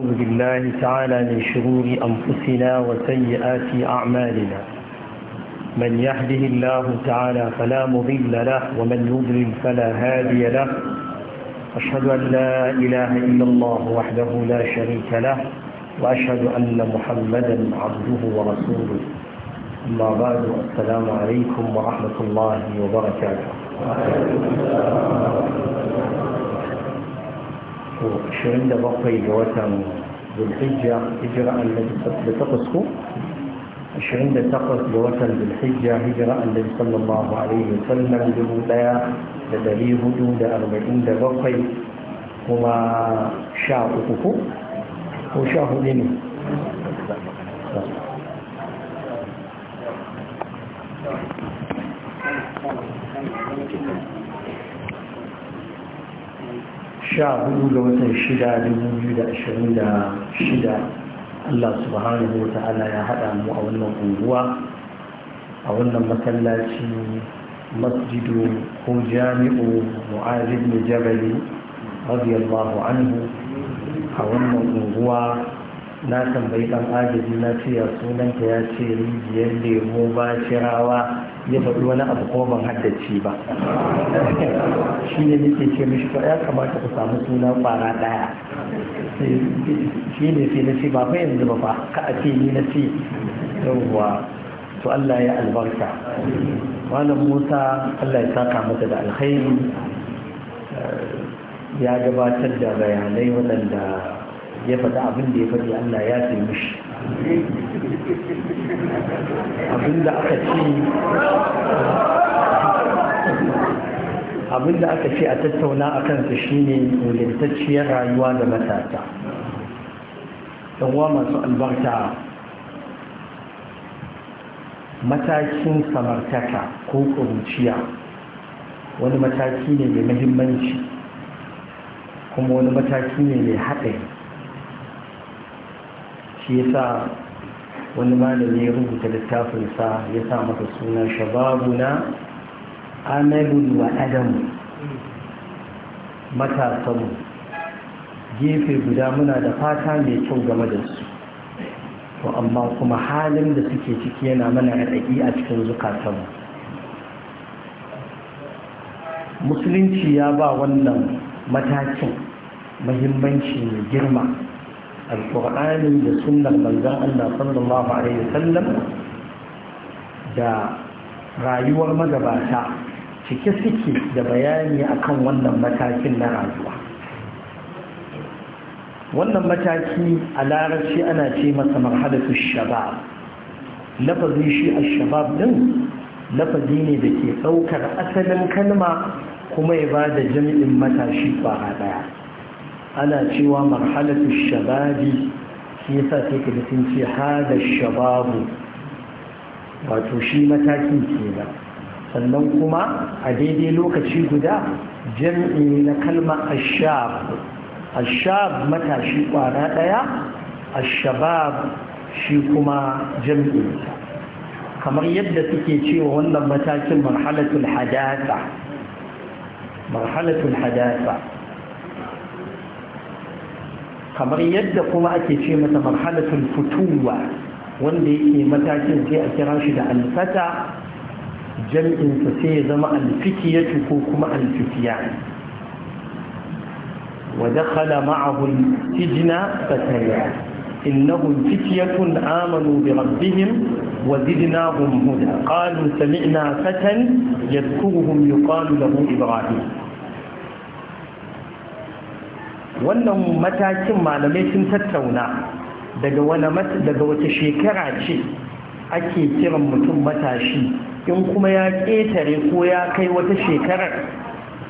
أعوذ بالله تعالى من شرور أنفسنا وسيئات أعمالنا من يهده الله تعالى فلا مضل له ومن يضلل فلا هادي له أشهد أن لا إله إلا الله وحده لا شريك له وأشهد أن محمدا عبده ورسوله أما بعد السلام عليكم ورحمة الله وبركاته 27 ga watan zulhijja hijira annabi da takwas ko 28 ga watan zulhijja hijira annabi sallallahu alaihi wasallam dubu daya da dari hudu da arba'in da bakwai kuma sha uku ko sha hudu ne sha hudu ga watan shida dubu biyu da ashirin da shida Allah subhanahu wa ta'ala ya haɗa mu a wannan unguwa a wannan masallaci masjidu ko jami'u mu'az ibn jabali radiyallahu anhu a wannan unguwa na tambayi ɗan agaji na ce ya sunanta ya ce rijiyar lemo ba shirawa ya faɗi wani abu kuma ban haddace ba shi ne nake ce mishi ba ya kamata ku samu suna kwana ɗaya shi ne sai na ce ba fa yanzu ba fa ka a ce ni na ce yawwa to Allah ya albarka malam Musa Allah ya saka masa da alkhairi ya gabatar da bayanai waɗanda ya faɗa abin da ya faɗi Allah ya ce mishi abin da aka ce abin da aka ce a tattauna a kansa shine ingantacciyar rayuwa da matasa ɗanwa masu albarta matakin samartaka ko ƙuruciya wani mataki ne mai mahimmanci kuma wani mataki ne mai haɗari shi yasa wani malami ya rubuta littafinsa ya sa masa suna shababuna amalin wa adamu matasanmu gefe guda muna da fata mai kyau game da su to amma kuma halin da suke ciki yana mana raɗaɗi a cikin zukatanmu musulunci ya ba wannan matakin mahimmanci mai girma alƙur'ani da sunnar banza Allah sallallahu alaihi wasallam da rayuwar magabata cike suke da bayani akan wannan matakin na rayuwa wannan mataki a larabci ana ce masa marhalatu shabab lafazin shi a shabab din lafazi ne da ke ɗaukar asalin kalma kuma ya ba da jami'in matashi ba ɗaya ana cewa marhalatu shababi shi yasa sai ka sun ce hada shababu wato shi matakin kenan sannan kuma a daidai lokaci guda jam'i na kalma ashab ashab matashi kwara daya ashabab shi kuma jam'i kamar yadda suke cewa wannan matakin marhalatul hadasa marhalatul hadasa kamar yadda kuma ake ce mata marhalatul futuwa wanda yake matakin sai a kira shi da alfata jam'in sa sai ya zama alfikiyatu ko kuma alfikiya wa dakhala ma'ahu tijna fataya innahum فتيان amanu bi rabbihim wa zidnahum huda qalu sami'na fatan يذكرهم yuqalu lahu ibrahim wannan matakin malamai sun tattauna daga wata shekara ce ake kiran mutum matashi in kuma ya ƙetare ko ya kai wata shekarar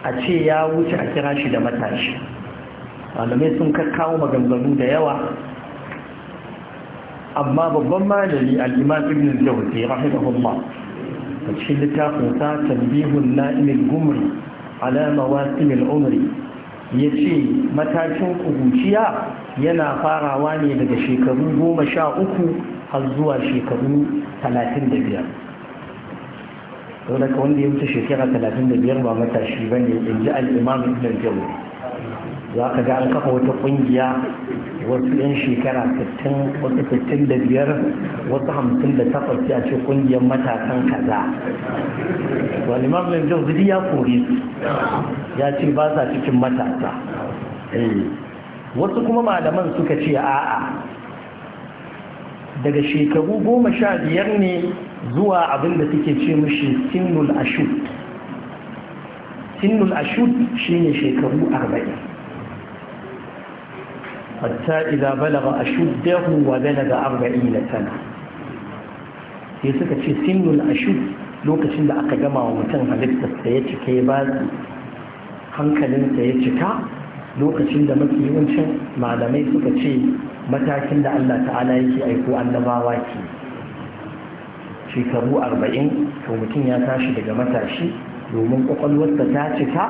a ce ya wuce a kira shi da matashi malamai sun kakkawo maganganu da yawa amma babban malami al'imam ibn jawzi rahimahullah a cikin littafin sa tambihun na'imil gumri ala mawasimil umri ya ce matakin kuruciya yana farawa ne daga shekaru goma sha uku har zuwa shekaru talatin da biyar saboda wanda ya wuce shekara talatin da biyar ba matashi ba ne in ji al'imam ibn jawo za ka ga an kafa wata kungiya wasu 'yan shekara 60 wasu 65 wasu 58 sai a ce kungiyar matasan kaza wani mamalin jauzuri ya kori ya ce ba sa cikin matasa eh, wasu kuma malaman suka ce a'a daga shekaru goma sha biyar ne zuwa abin da suke ce mushi sinul ashut sinul ashut shine shekaru arba'in hatta idza balagha ashuddahu ga arba'in na sana sai suka ce sinnul ashud lokacin da aka gama wa mutum halittarsa ya cika ya bazi hankalinsa ya cika lokacin da mafi yawancin malamai suka ce matakin da Allah ta'ala yake aiko annabawa ke shekaru arba'in to mutum ya tashi daga matashi domin kwakwalwarsa ta cika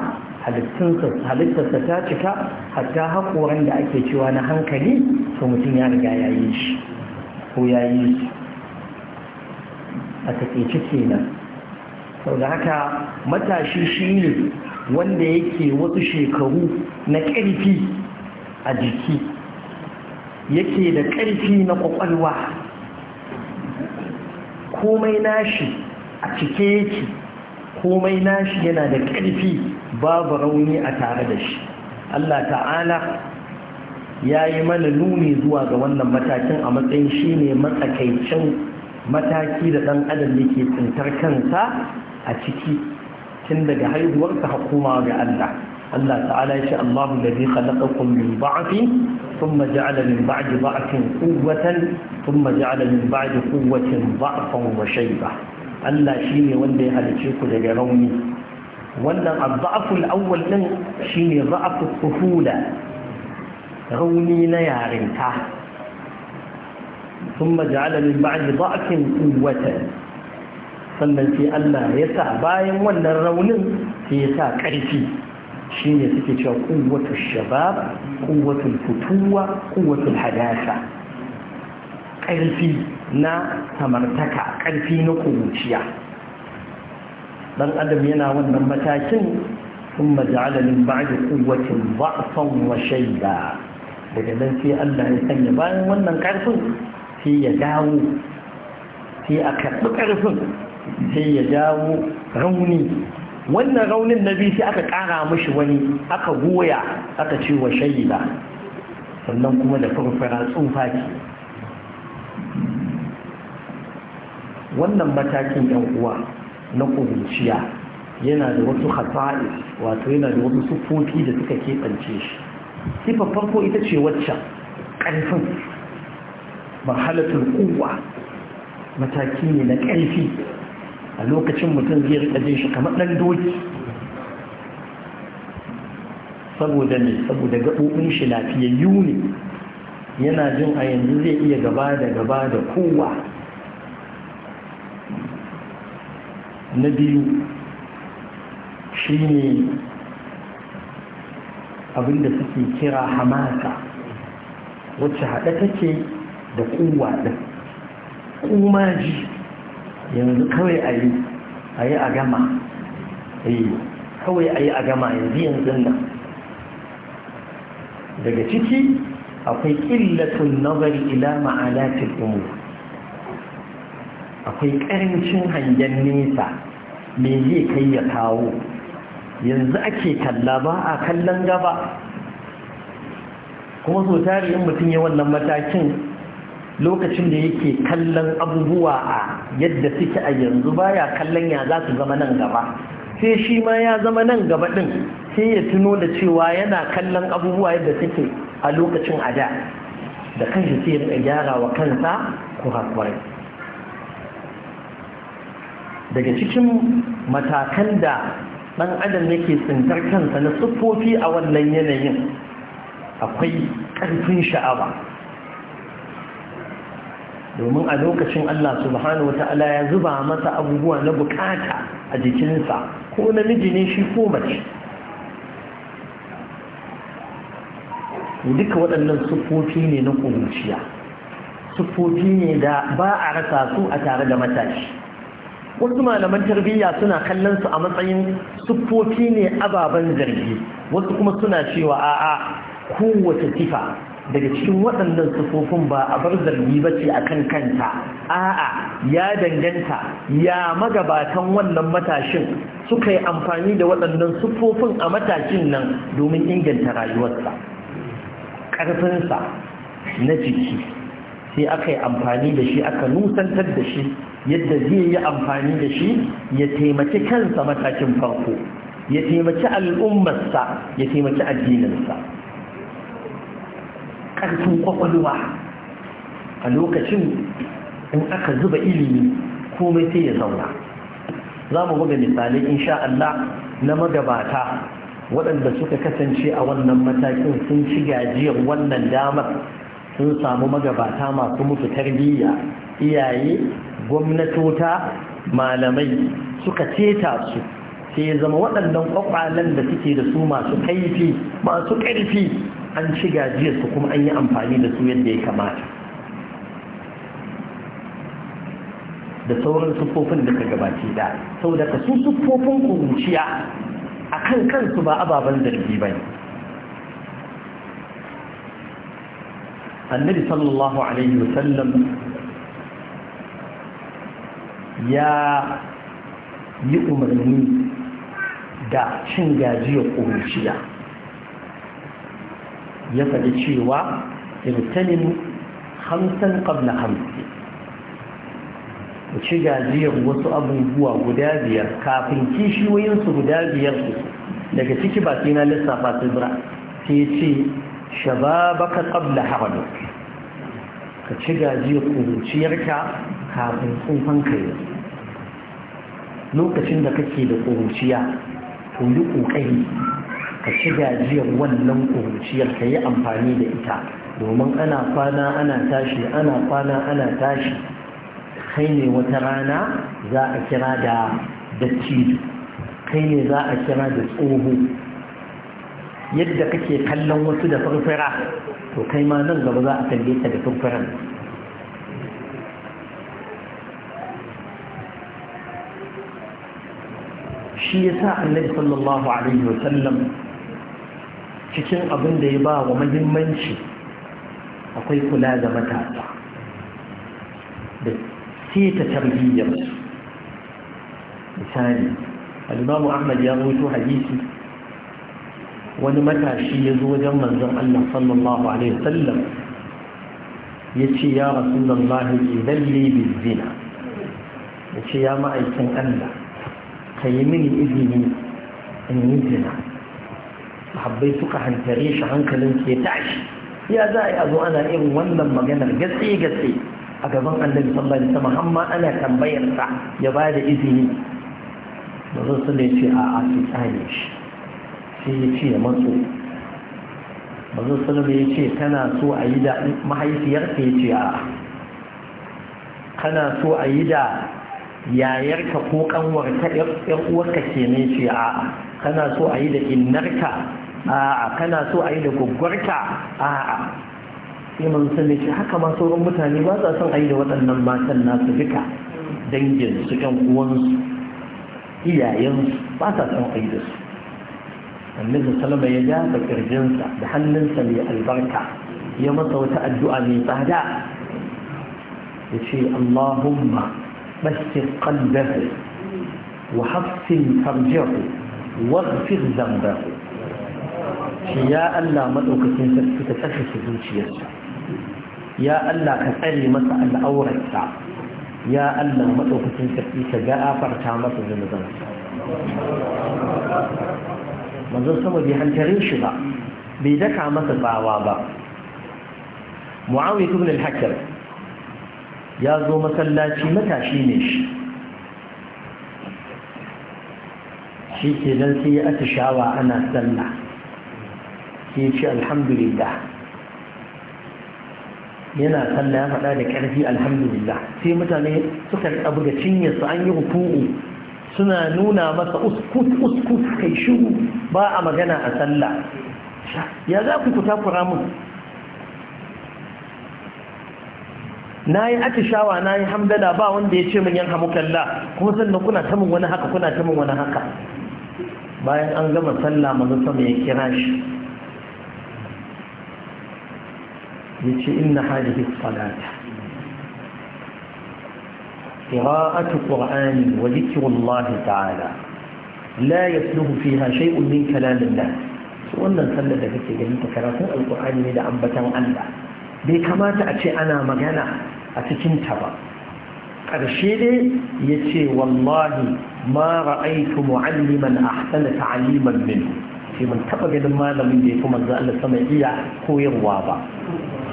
halittarsa ta cika hatta haƙoran da ake cewa na hankali to mutum ya riga ya yi shi ko ya yi shi a taƙaice kenan sau da haka matashi shi ne wanda yake wasu shekaru na ƙarfi a jiki yake da ƙarfi na kwakwalwa komai nashi a cike yake komai nashi yana da ƙarfi babu rauni a tare da shi Allah ta'ala ya yi mana nuni zuwa ga wannan matakin a matsayin shi ne matsakaicin mataki da ɗan adam yake tsintar kansa a ciki tun daga haihuwarsa hukuma ga Allah Allah ta'ala ya ce Allahu ladhi khalaqakum min ba'thin thumma ja'ala min ba'di ba'thin quwwatan thumma ja'ala min ba'di quwwatin dha'fan wa shayba Allah shi ne wanda ya halice ku daga rauni wannan abba'aful awwal din shi ne kuhula rauni na yarinta sun maja'ala min ba'di da'afin kuwata sannan sai Allah ya sa bayan wannan raunin sai ya sa ƙarfi shi ne suke cewa kuwatul shabab kuwatul futuwa kuwatul hadasa ƙarfi na samartaka ƙarfi na kuruciya dan adam yana wannan matakin sun maja'ala min ba'di quwwatin dha'fan wa shayba daga nan sai Allah ya sanya bayan wannan ƙarfin sai ya dawo sai a karɓi ƙarfin sai ya dawo rauni wannan raunin na biyu sai aka ƙara mashi wani aka goya aka ce wa shayba sannan kuma da furfura tsufa ke wannan matakin yan uwa na kuruciya yana da wasu hatsa'i wato yana da wasu sufofi da suka keɓance shi sifa farko ita ce wacce ƙarfin mahalatul kuwa mataki ne na ƙarfi a lokacin mutum zai jin shi kamar ɗan doki saboda ne saboda gaɓoɓin shi lafiyayyu ne yana jin a yanzu zai iya gaba da gaba da kowa na biyu shi ne abinda suke kira hamaka wacce haɗe take da kuwa ɗin kumaji yanzu kawai a yi a yi a gama eh, kawai a yi a gama yanzu yanzu nan daga ciki akwai ƙillatun nazari ila ma'alatin umur akwai ƙarancin hangen nesa mai zai kai ya kawo yanzu ake kalla ba a kallon gaba kuma so tari in mutum ya wannan matakin lokacin da yake kallon abubuwa a yadda suke a yanzu baya kallon ya za su zama nan gaba sai shi ma ya zama nan gaba ɗin sai ya tuno da cewa yana kallon abubuwa yadda suke a lokacin a da da shi sai ya gyara wa kansa haƙwarai daga cikin matakan da ɗan adam yake tsintar kansa na siffofi a wannan yanayin akwai ƙarfin sha'awa domin a lokacin Allah subhanahu wa ta'ala ya zuba masa abubuwa na bukata a jikinsa ko namiji ne shi ko mace duka waɗannan siffofi ne na ƙunciya siffofi ne da ba a rasa su a tare da matashi wasu malaman tarbiyya suna kallon su a matsayin siffofi ne ababen zargi wasu kuma suna cewa a'a kowace sifa daga cikin waɗannan siffofin ba a bar zargi ba ce a kan kanta a'a ya danganta ya magabatan wannan matashin suka yi amfani da waɗannan siffofin a matashin nan domin inganta rayuwarsa ƙarfinsa na jiki sai aka yi amfani da shi aka nusantar da shi yadda zai yi amfani da shi ya taimaki kansa matakin farko ya taimaki al'ummarsa ya taimaki addininsa ƙarfin kwakwalwa a lokacin in aka zuba ilimi komai sai ya zauna za mu buga misalai insha Allah na magabata waɗanda suka kasance a wannan matakin sun ci gajiyar wannan damar sun samu magabata masu musu tarbiyya iyaye gwamnatota malamai suka ceta su sai ya zama waɗannan ƙwaƙwalen da suke da su masu kaifi masu ƙarfi an ci su kuma an yi amfani da su yadda ya kamata da sauran siffofin da ka gabaci da sau da ka su siffofin ƙuruciya a kan kansu ba ababen zargi ba ne annabi sallallahu alaihi wasallam ya yi umarni da cin gajiyar ƙuruciya ya faɗi cewa irtanin hamsin ƙabla hamsin ku ci gajiyar wasu abubuwa guda biyar kafin kishiyoyinsu guda biyar daga ciki ba sai na lissafa su bira sai ce shababaka qabla haramik ka ciga jiya kuruciyarka kafin tsufan kai lokacin da kake da kuruciya to yi kokari ka ciga gajiyar wannan kuruciyar ka yi amfani da ita domin ana kwana ana tashi ana kwana ana tashi kai ne wata rana za a kira da dattijo kai ne za a kira da tsoho yadda kake kallon wasu da farfara, to kai ma nan gaba za a kalle ta da farfaran. shi ya sa annabi sallallahu alaihi wa sallam cikin abin da ya ba wa muhimmanci akwai kula da matasa da seta tarbiyyar misali al-imamu ahmad ya rawaito hadisi wani matashi ya zo wajen manzon Allah sallallahu alaihi wasallam ya ce ya rasulullahi idan li bizina ya ce ya ma'aikin Allah ka yi mini izini in yi zina sahabbai suka hankare shi hankalin ke tashi ya za a zo ana irin wannan maganar gatsi-gatsi a gaban annabi sallallahu alaihi wasallam amma ana tambayarsa ya ba da izini manzon sallallahu alaihi wasallam ya ce a a shi sai ya ce matso mazo salama ya ce tana so a yi da mahaifiyarka ya ce a kana so a yi da yayarka ko kanwarka yan uwarka ke ne ce a kana so a yi da innarka a kana so a yi da gwaggwarka a sai man sani ce haka ma sauran mutane ba sa son a yi da waɗannan matan nasu duka danginsu yan uwansu iyayensu ba sa son a yi da su annabi salama ya dafa kirjinsa da hannunsa mai albarka ya masa wata addu'a mai tsada ya ce allahumma basir qalbahu wa hafsin farjahu waghfir zambahu shi ya Allah madaukakin sarki ta tsarkake zuciyarsa ya Allah ka tsare masa al'aurarsa ya Allah madaukakin sarki ka gafarta masa zunubansa manzon sama bai hantare shi ba bai daka masa tsawa ba mu'awiyat ibn al ya zo masallaci matashi ne shi shi ke dan sai ya atishawa ana sallah sai ce alhamdulillah yana sallah ya faɗa da ƙarfi alhamdulillah sai mutane suka cinye su an yi hukuku suna nuna masa uskut uskut kai shiru ba a magana a sallah ya za ku ku takura mun na yi atishawa na yi hamdala ba wanda ya ce min yan hamukalla kuma sannan kuna ta min wani haka kuna ta min wani haka bayan an gama sallah manzo sama ya kira shi ya ce inna hadihi salata قراءة قرآن وذكر الله تعالى لا يسلب فيها شيء من كلام الله wannan sallar da kake ganin ta karatun alkur'ani ne da ambatan Allah bai kamata a ce ana magana a cikin ta ba ƙarshe dai ya ce wallahi ma ra'aitu mu'alliman ahsana ta'aliman min sai mun taba ganin malamin da ya fi manzo Allah sama iya koyarwa ba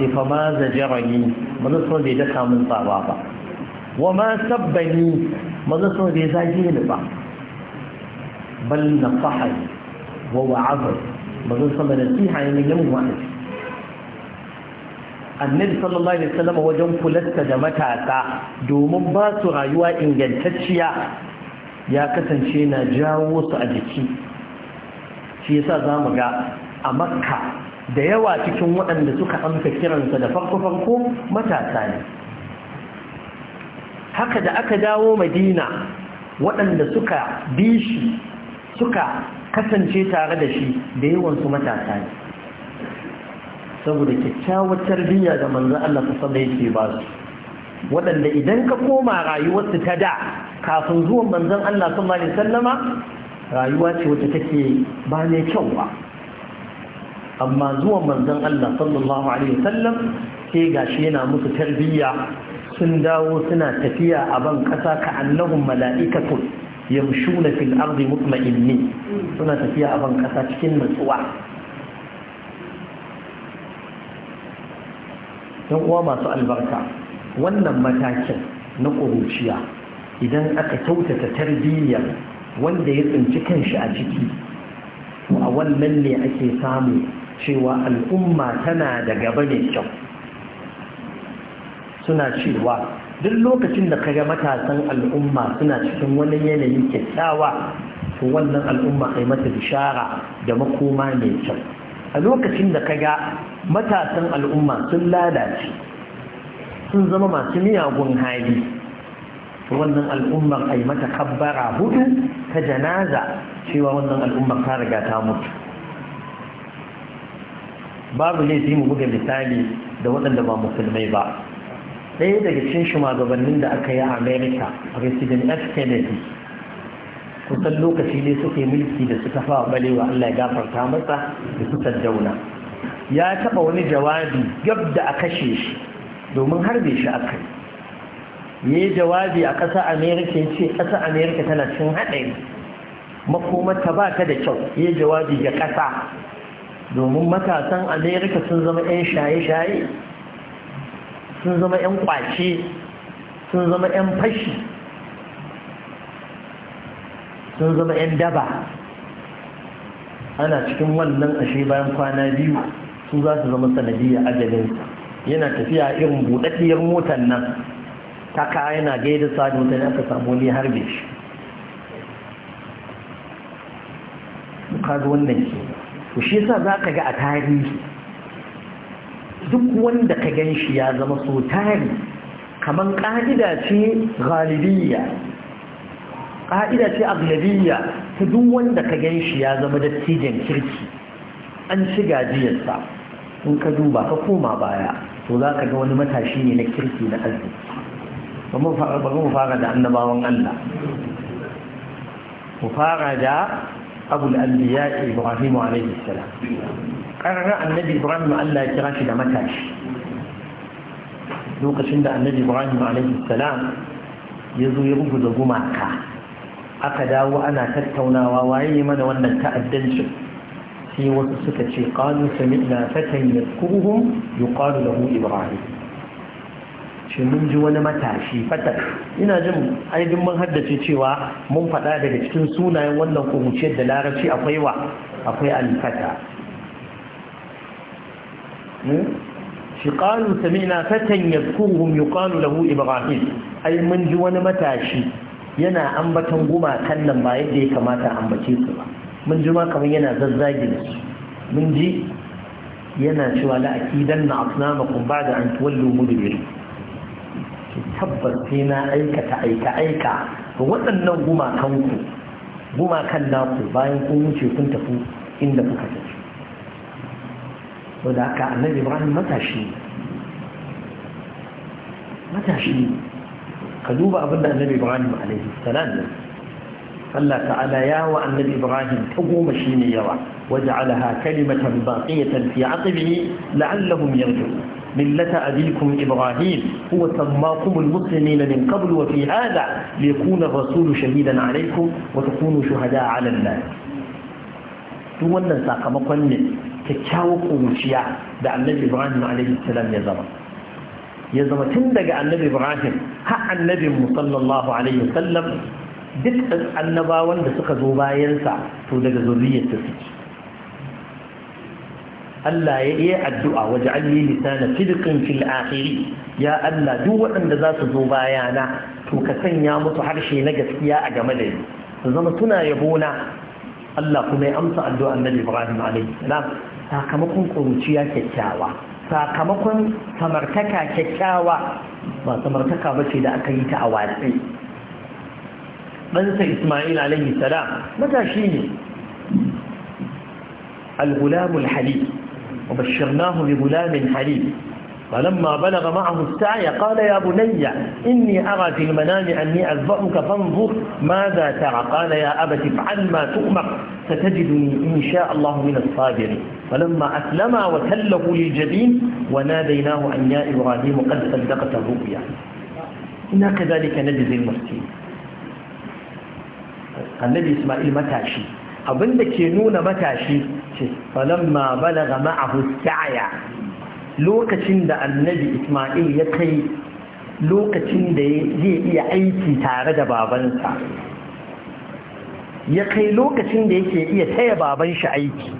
sai fa ma zajarani manzo sama bai daka min tsaba ba wa ma sabbani maza sau da ya zage ni ba bal na fahari wa wa'azar maza sama da siha ne yin wa'azi annabi sallallahu alaihi wasallam wajen kulasta da matasa domin ba su rayuwa ingantacciya ya kasance na jawo su a jiki shi yasa za mu ga a makka da yawa cikin waɗanda suka amsa kiransa da farko-farko matasa ne haka da aka dawo madina waɗanda suka bi shi suka kasance tare da shi da yawansu matasa ne saboda kyakkyawar tarbiyya da manzan Allah ta sama yake ba su waɗanda idan ka koma rayuwarsu ta da kafin zuwan manzan Allah sun alaihi sallama rayuwa ce wacce take ba mai kyau ba amma zuwan manzan Allah sallallahu alaihi sallam sai gashi yana musu tarbiyya sun dawo suna tafiya a ban ƙasa ka annahun mala'ikatu yamshuna fil ardi mutma'inni suna tafiya a ban ƙasa cikin nutsuwa don uwa masu albarka wannan matakin na ƙuruciya idan aka kyautata tarbiyyar wanda ya tsinci kanshi a ciki a wannan ne ake samu cewa al'umma tana da gaba mai kyau suna cewa duk lokacin da ka ga matasan al'umma suna cikin wani yanayin kyakkyawa to wannan al'umma kai mata bishara da makoma mai kyau a lokacin da ka ga matasan al'umma sun lalace sun zama masu miyagun hali to wannan al'ummar ai mata kabbara hudu ta janaza cewa wannan al'ummar ta riga ta mutu babu laifi mu buga misali da waɗanda ba musulmai ba ɗaya daga cikin shugabannin da aka yi a america president f kennedy kusan lokaci ne suke mulki da suka fa balewa allah ya gafarta masa da suka dauna ya taɓa wani jawabi gab da a kashe shi domin har harbe shi aka yi ya jawabi a ƙasa america ya ce ƙasa america tana cin haɗari makomata ba ta da kyau ya yi jawabi ga ƙasa domin matasan america sun zama 'yan shaye-shaye sun zama 'yan kwace sun zama 'yan fashi sun zama 'yan daba ana cikin wannan ashe bayan kwana biyu su za su zama sanadiyya ajalin yana tafiya irin buɗaɗɗiyar motar nan ta kaya yana gaida sa da mutane aka samu ne harbe shi kaga wannan ke ku shi sa za ka ga a tarihi duk wanda ka gan shi ya zama so tari kamar ƙa'ida ce ghalibiyya ƙa'ida ce aglabiyya ta duk wanda ka gan shi ya zama dattijan kirki an ci gajiyarsa in ka duba ka koma baya to za ka ga wani matashi ne na kirki na arziki ba mu fara da annabawan Allah mu fara da abu da ibrahim alaihi salam ƙararra annabi ibrahim allah ya kira shi da matashi lokacin da annabi ibrahim salam ya zo ya rubuta gumaka aka dawo ana tattaunawa waye mana wannan ta'addancin sai wasu suka ce qalu sami'na fatan ya yuqalu lahu ibrahim shi mun ji wani matashi fata ina jin aidin mun haddace cewa mun faɗa daga cikin sunayen wannan kuruciyar da larabci akwai wa akwai alfata shi ƙalu samina fatan ya kuhun ya ƙalu lahu ibrahim ai mun ji wani matashi yana ambatan gumakan nan ba yadda ya kamata ambace su ba mun ji ma kamar yana zazzagin su mun ji yana cewa la'akidan na asnamakun ba da an tuwallo mudubir tabbas sai na aikata aika aika ga waɗannan gumakan ku gumakan naku bayan kun wuce kun tafi inda kuka tafi هناك النبي إبراهيم متى شيء متى شيء قلوب أبنى النبي إبراهيم عليه السلام قال تعالى يا وأن إبراهيم تقوم شيني يرى وجعلها كلمة باقية في عقبه لعلهم يرجعون ملة أبيكم إبراهيم هو سماكم المسلمين من قبل وفي هذا ليكون الرسول شهيدا عليكم وتكونوا شهداء على الناس تولى ساق مقنن kyakkyawar kuruciya da annabi ibrahim salam ya zama ya zama tun daga annabi ibrahim har annabin mu sallallahu alaihi sallam duk annabawan da suka zo bayansa to daga zuriyarsa suke Allah ya yi addu'a waje an yi lisana fidikin fil akhiri ya Allah duk waɗanda za su zo bayana to ka sanya musu harshe na gaskiya a game da ni su zama suna yabona Allah kuma ya amsa addu'a annabi Ibrahim alaihi salam sakamakon ƙuruciya kyakkyawa sakamakon samartaka kyakkyawa ba samartaka ba ce da aka yi ta a watsi ɗansa ismail alayhi salam matashi ne al-gulamul halib wa bashirnahu bi gulamin halib فلما بلغ معه السعي قال يا بني إني أرى في المنام أني أذبحك فانظر ماذا ترى قال يا أبت افعل ما تؤمر ستجدني إن شاء الله من الصابرين فلما أسلما وتله للجبين وناديناه أن يا إبراهيم قد صدقت الرؤيا إنا كذلك نجزي المسكين النبي إسماعيل متاشي أبن لك ينون متاشي فلما بلغ معه السعي lokacin da annabi isma'il ya kai lokacin da zai iya aiki tare da babansa ya kai lokacin da yake iya taya baban shi aiki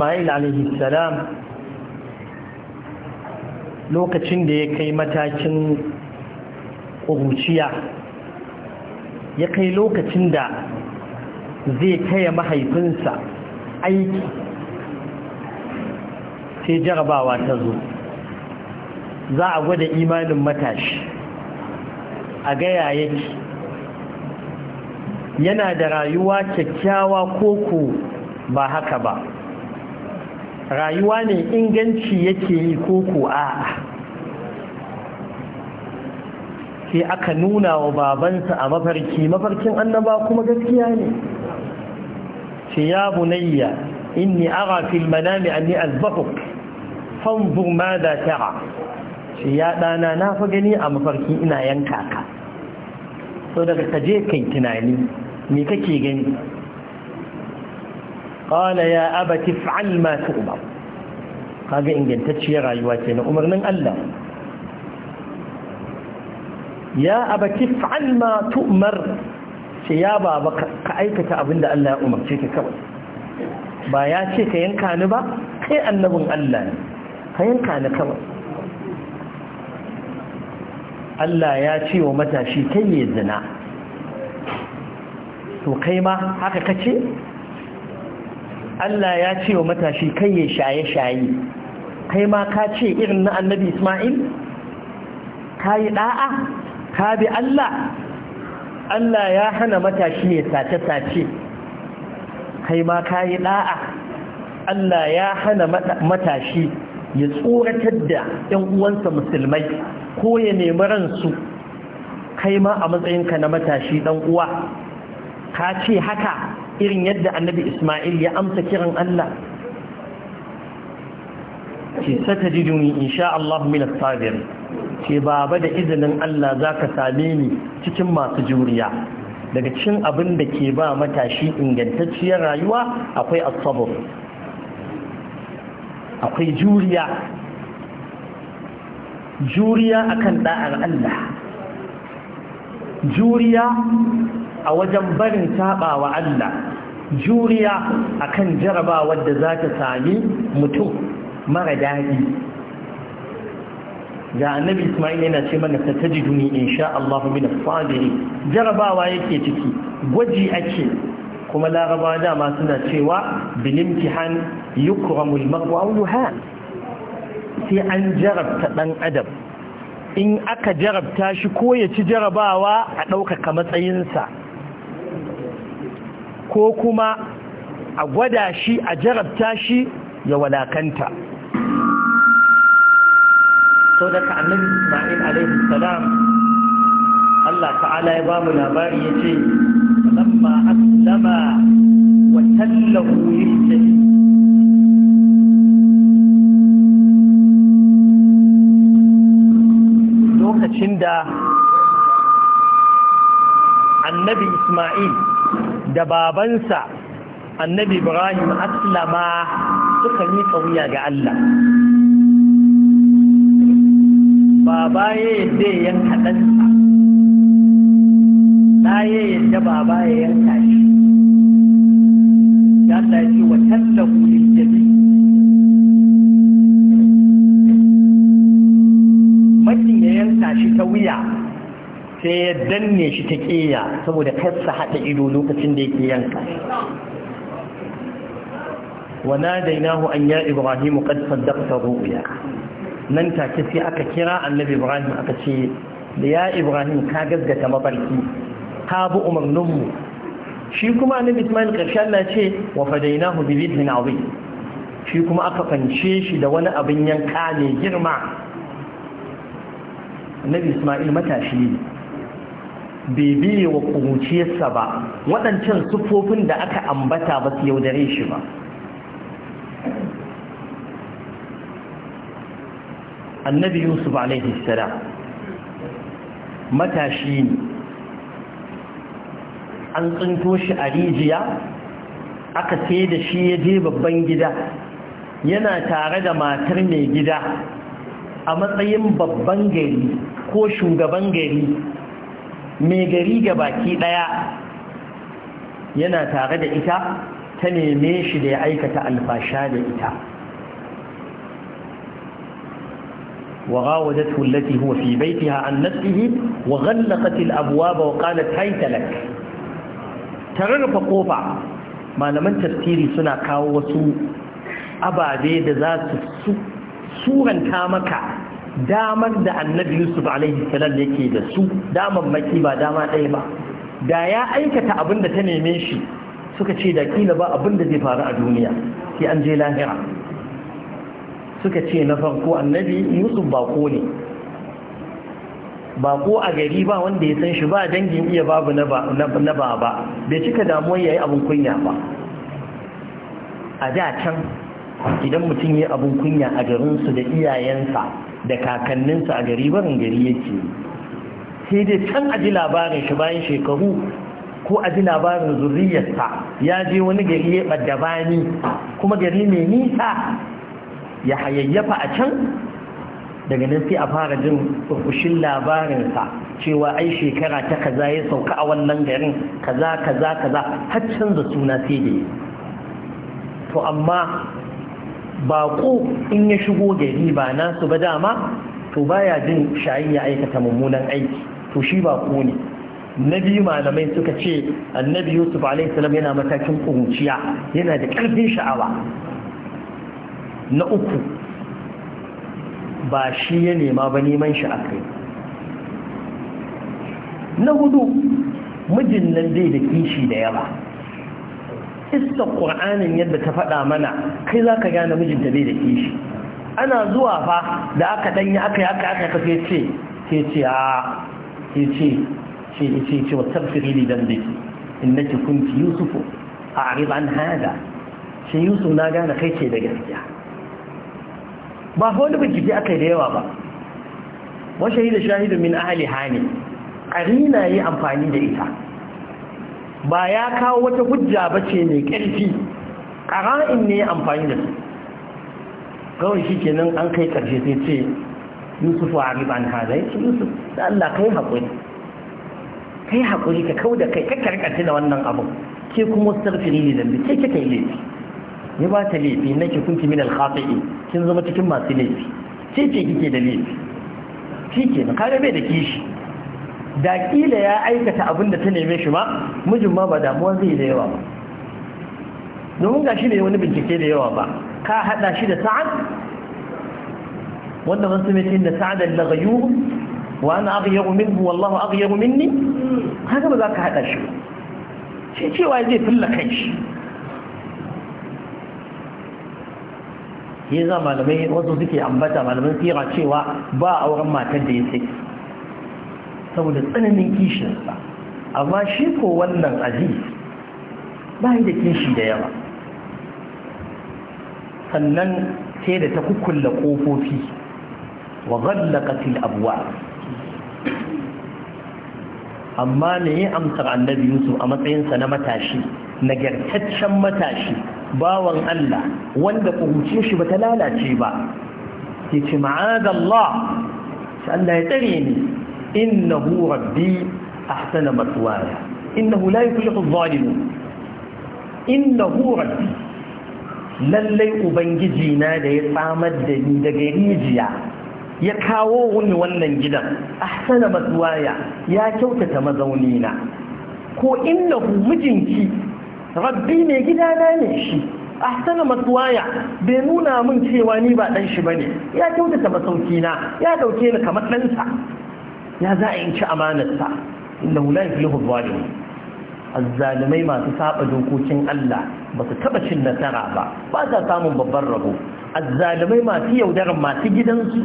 ismail salam lokacin da ya kai matakin ƙuruciya ya kai lokacin da zai taya mahaifinsa aiki sai jarabawa ta zo za a gwada imanin matashi a gaya yake yana da rayuwa kyakkyawa koko ba haka ba rayuwa ne inganci yake yi ko ko a'a sai aka nuna wa babansa a mafarki mafarkin annaba kuma gaskiya ne sai ya bunayya inni ara fil manami anni azbahuk fanzur ma da tara sai ya dana na fa gani a mafarki ina yanka ka so daga kaje kai tunani me kake gani kala ya abati fa'al ma umar kaga ingantacciyar rayuwa ce na umarnin Allah ya abati fa'al ma umar ce ya ba ka aikata abinda Allah ya umarce ka kawai ba ya ce ka yanka ni ba kai annabin Allah ne ka yanka ni kawai Allah ya ce wa matashi kai ne zina to kai ma haka kace Allah ya ce wa matashi kai ya shaye-shaye kai ma ka ce irin na annabi Ismail ka yi ɗa'a ka bi Allah Allah ya hana matashi ya sace-sace kai ma ka yi ɗa'a Allah ya hana matashi ya tsoratar da ‘yan uwansa musulmai ko ya nemi ransu kai ma a matsayinka na matashi ɗan uwa ka ce haka irin yadda annabi Ismail ya amsa kiran Allah ce satajiduni insha Allah min as-sabir ce baba da izinin Allah zaka same ni cikin masu juriya daga cikin abin da ke ba matashi ingantacciyar rayuwa akwai as-sabr akwai juriya juriya akan da'ar Allah juriya a wajen barin saba Allah juriya a kan jaraba wadda za ta sami mutum mara daɗi ga annabi Ismail yana ce mana ta in sha Allah min as jarabawa yake ciki gwaji ake kuma Laraba dama suna cewa bil imtihan yi al-mar'u aw sai an jarabta ɗan adam in aka jarabta shi ko ya ci jarabawa a ɗaukaka matsayinsa ko kuma a gwada shi a jarabta shi ya walakanta sau da ka annabi isma'il alaihi salam Allah ta'ala ya bamu labari ya ce lamma aslama wa tallahu lillahi lokacin da annabi isma'il da babansa annabi ibrahim aslama suka yi wuya ga Allah baba ya yadda yanka ɗansa ya yadda baba ya yanka shi sai ya danne shi ta ƙiya saboda karsa haɗa ido lokacin da yake yanka wana dainahu an ya ibrahim qad saddaqta ru'ya nan take sai aka kira annabi ibrahim aka ce da ya ibrahim ka gaggata mafarki ka bi umarninmu shi kuma annabi ismail karshen na ce wa fadainahu bi bidhin azim shi kuma aka fance shi da wani abin yanka ne girma annabi ismail matashi ne bai biye wa ƙuruciyarsa ba waɗancan siffofin da aka ambata ba su yaudare shi ba annabi yusuf alaihi sara matashi ne an tsinto shi a rijiya aka sai da shi ya je babban gida yana tare da matar mai gida a matsayin babban gari ko shugaban gari mai gari ga baki ɗaya yana tare da ita ta neme shi da ya aikata alfasha da ita وغاودته التي هو في بيتها عن نفسه وغلقت الأبواب وقالت هيت لك تغرف قوفا ما لمن تفكيري سنة كاو وسو أبا بيد ذات سورا كامكا damar da annabi yusuf alaihi salam yake da su damar maki ba dama ɗaya ba da ya aikata abin da ta neme shi suka ce da kila ba abin da zai faru a duniya sai an je lahira suka ce na farko annabi yusuf bako ne ko a gari ba wanda ya san shi ba dangin iya babu na ba ba bai cika damuwar yayi abin kunya ba a da can idan mutum ya abun kunya a garinsu da iyayensa da kakanninsa a gari barin gari yake sai dai can a ji labarin shi bayan shekaru ko a ji labarin zurriyarsa ya je wani gari ya ɓadda bani kuma gari mai nisa ya hayayyafa a can daga nan sai a fara jin fushin labarinsa cewa ai shekara ta kaza ya sauka a wannan garin kaza kaza kaza har canza suna sai da yi to amma baƙo in ya shigo gari ba nasu ba dama to baya jin shayi ya aikata mummunan aiki to shi baƙo ne na biyu malamai suka ce annabi yusuf alaihi yana matakin ƙuruciya yana da ƙarfin sha'awa na uku ba shi ya nema ba neman shi a kai na hudu mijin nan zai da kishi da yawa iska qur'anin yadda ta faɗa mana kai za ka gane mijinta bai da kishi ana zuwa fa da aka ɗanyi aka aka aka ka sai ce sai ce a sai ce ce ce ce wa tafsiri li dan biki innaki kunti yusufu arewa an hada ce yusuf na gane kai ce da gaskiya ba wani bincike aka yi da yawa ba wa shahida shahidu min ahli hani na yi amfani da ita ba ya kawo wata hujja ba ce mai ƙarfi ƙara'in ne amfani da su kawai shi kenan an kai ƙarshe sai ce Yusufu a arif an haza ya ce yusuf da allah kai haƙuri kai haƙuri ka kau da kai ka karkace da wannan abu ke kuma sarfiri ne zambi ce kika yi laifi ya ba ta laifi na ki kunti min alhafi'i kin zama cikin masu laifi ce ce kike da laifi shi kenan kaga bai da kishi da kila ya aikata abin da ta neme shi ma mijin ma ba damuwa zai da yawa ba domin ga shi ne wani bincike da yawa ba ka hada shi da sa'ad wanda wasu shi da sa'ad da gayu wa ana aghyaru minhu wallahu aghyaru minni haka ba za ka hada shi shi cewa zai fulla kai shi yanzu za malamai wasu suke ambata malaman sira cewa ba auren matar da ya sai saboda tsananin kishinsa amma shi ko wannan aziz ba da kishi da yawa sannan sai da ta kukulla kofofi wa katil abuwa amma ne yi amsar annabi yusuf a matsayinsa na matashi nagartaccen matashi bawan Allah wanda kuhuce shi ba ta lalace ba Ke ce ma'adallah Allah ya tsare ne. innahu rabbi ahsana matwaya innahu la yuflihu adh-dhalimun innahu rabbi lallai ubangiji na da ya samar da ni daga rijiya ya kawo wuni wannan gidan ahsana matwaya ya kyautata mazaunina, ko innahu mijinki rabbi mai gidana ne shi ahsana matwaya bai nuna min cewa ni ba dan shi bane ya kyautata masauki na ya dauke ni kamar ɗansa ya za a yi ci amanarsa inda hula ya fi lahu A azzalimai masu saba dokokin Allah ba su taba cin nasara ba ba sa samun babban rabo azzalimai masu yaudarar masu gidansu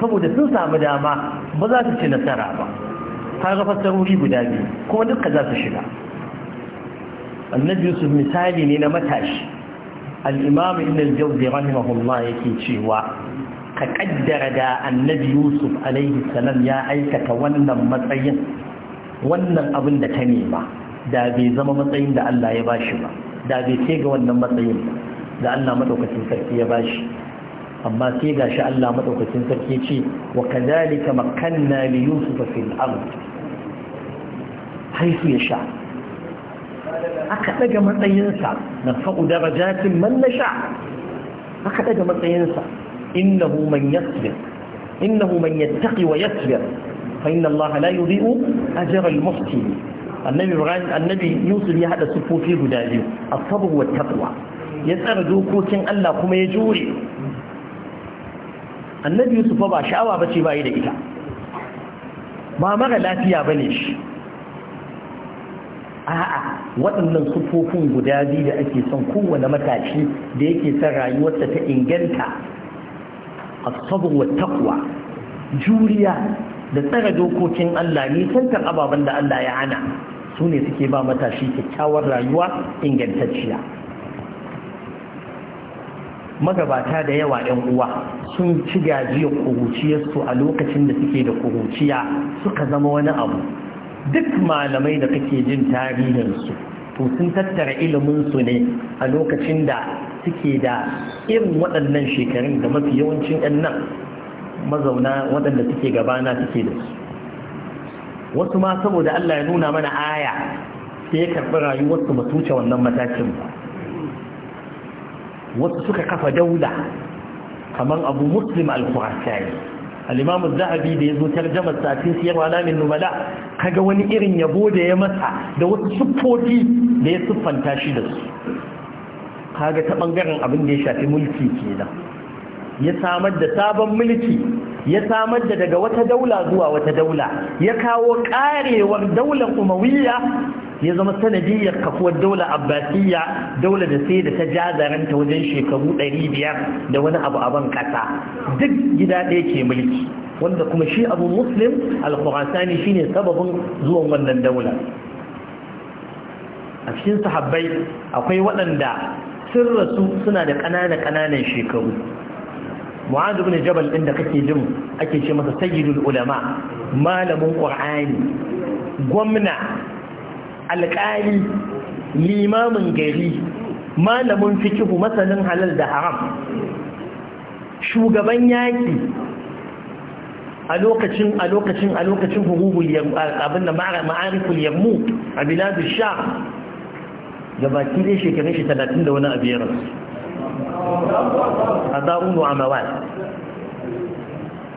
saboda sun samu dama ba za su ci nasara ba Ta ga fassarori guda biyu kuma duka za su shiga annabi yusuf misali ne na matashi al-imam ibn al-jawzi rahimahullah yake cewa ka kaddara da annabi yusuf alaihi salam ya aikata wannan matsayin wannan abin da ta nema da bai zama matsayin da Allah ya bashi ba da bai ce ga wannan matsayin da Allah madaukakin sarki ya bashi amma sai gashi Allah madaukakin sarki ce wa kadhalika makanna li yusuf fil ard haifu ya sha aka ɗaga matsayinsa na fa'u darajatin man nasha aka ɗaga matsayinsa إنه من يصبر إنه من يتقي ويصبر فإن الله لا يضيء أجر المحسنين النبي إبراهيم النبي يوسف يهدى سفو في الصبر والتقوى يسأل دوكوتين ألا كما يجوري annabi yusuf ba sha'awa bace bayi da ita ba mara lafiya bane shi a'a waɗannan sufofin guda biyu da ake son kowane matashi da yake son rayuwarta ta inganta as-sabr wa taqwa juriya da tsara dokokin Allah ne tantar ababen da Allah ya hana su ne suke ba matashi kyakkyawar rayuwa ingantacciya magabata da yawa 'yan uwa sun ci gajiya ƙuruciyarsu a lokacin da suke da kuruciya suka zama wani abu duk malamai da kake jin tarihinsu to sun tattara iliminsu ne a lokacin da suke da irin waɗannan shekarun da mafi yawancin 'yan nan mazauna waɗanda suke gabana suke da su wasu ma saboda Allah ya nuna mana aya sai ya karɓi rayuwarsu ba su wuce wannan matakin ba wasu suka kafa daula kamar abu muslim al-khurasani al'imamu zahabi da ya zo tarjamar satin siyar wa alamin numala kaga wani irin yabo da ya masa da wasu siffofi da ya siffanta shi da su kaga ta ɓangaren abin da ya shafi mulki kenan ya samar da sabon mulki ya samar da daga wata daula zuwa wata daula ya kawo karewar daular umawiyya ya zama sanadiyar kafuwar daular abbasiyya daular da sai da ta jazaranta wajen shekaru 500 da wani abu aban kasa duk gida ɗaya ke mulki wanda kuma shi abu muslim al-khurasani shine sababin zuwan wannan daula a cikin sahabbai akwai waɗanda sun rasu suna da ƙananan ƙananan shekaru mu'adh ibn jabal din da kake jin ake ce masa sayyidul ulama malamin qur'ani gwamna alƙali limamin gari malamin fikihu masanin halal da haram shugaban yaki a lokacin a lokacin a lokacin hububul abin da yammu a biladun sha gabaki shekarun shi 30 da wani abu A aza'unu amawan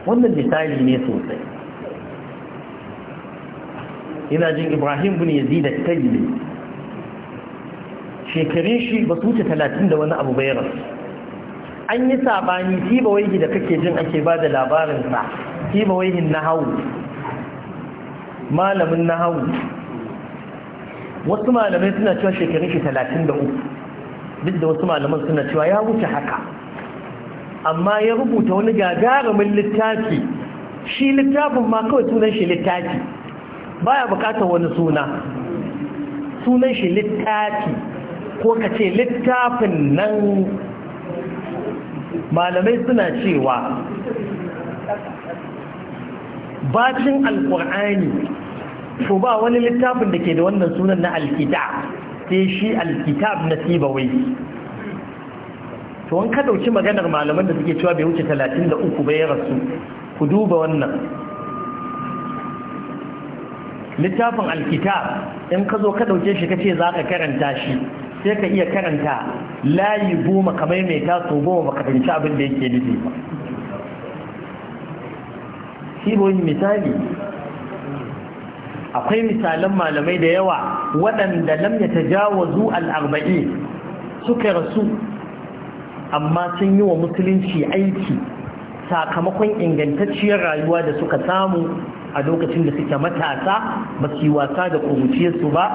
wannan misali ne sosai ina jin ibrahim bin yazid al-kalbi shekarun shi ba su wuce talatin da wani abu bai rasu an yi saɓani tiba waihi da kake jin ake ba da labarinsa tiba waihin na hau malamin na hau wasu malamai suna cewa shekarun shi talatin da uku duk da wasu malaman suna cewa ya wuce haka amma ya rubuta wani gagarumin littafi shi littafin ma kawai sunan shi littafi baya bukatar wani suna sunan shi littafi ko ka ce littafin nan malamai suna cewa bacin alkur'ani ko ba wani littafin da ke da wannan sunan na alkita sai shi alkitab na sibawai to an ka dauki maganar malaman da suke cewa bai wuce 33 bai rasu ku duba wannan littafin alkitab in ka zo ka dauke shi kace za ka karanta shi sai ka iya karanta layi goma kamar mai taso goma ka fahimci abin da yake nufi ba shi misali akwai misalan malamai da yawa waɗanda lam ya tajawazu al'arba'i suka rasu amma sun yi wa musulunci aiki sakamakon ingantacciyar rayuwa da suka samu a lokacin da suke matasa ba su yi wasa da su ba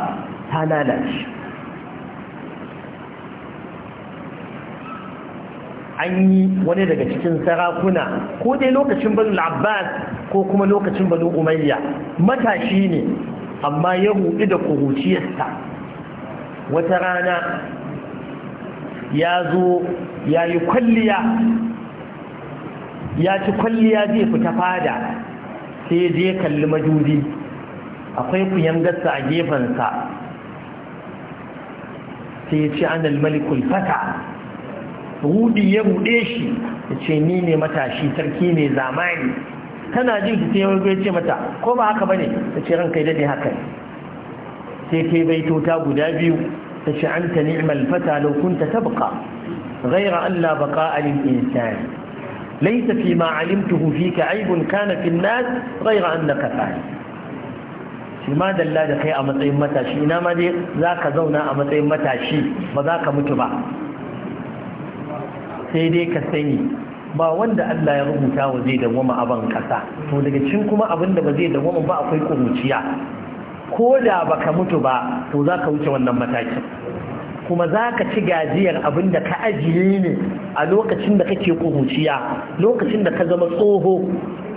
ta lalace an yi wani daga cikin sarakuna ko dai lokacin banu abbas ko kuma lokacin banu umayya matashi ne amma ya ruɗu da kuruciyarsa wata rana ya zo ya yi kwalliya ya ci kwalliya zai fita fada sai je kalli majuji akwai kuyan gasa a gefensa sai ya ci anal malikul fata rudi ya rude shi ya ce ni ne matashi sarki ne zamani tana jin ki sai ya mata ko ba haka bane ta ce ranka ya dade haka sai kai baitota guda biyu ta ce anta ni'mal fata law kunta tabqa ghayra an la baqa'a lil insani laysa ma 'alimtuhu fika 'aybun kana fi an-nas ghayra annaka fa'il shi ma dalla da kai a matsayin matashi ina ma dai za ka zauna a matsayin matashi ba za ka mutu ba sai dai ka sani ba wanda Allah ya rubuta wa zai dawoma a ban kasa to daga cikin kuma abin da ba zai dawoma ba akwai kuruciya ko da baka mutu ba to za wuce wannan mataki kuma zaka ci gajiyar abin da ka ajiye ne a lokacin da kake kuruciya lokacin da ka zama tsoho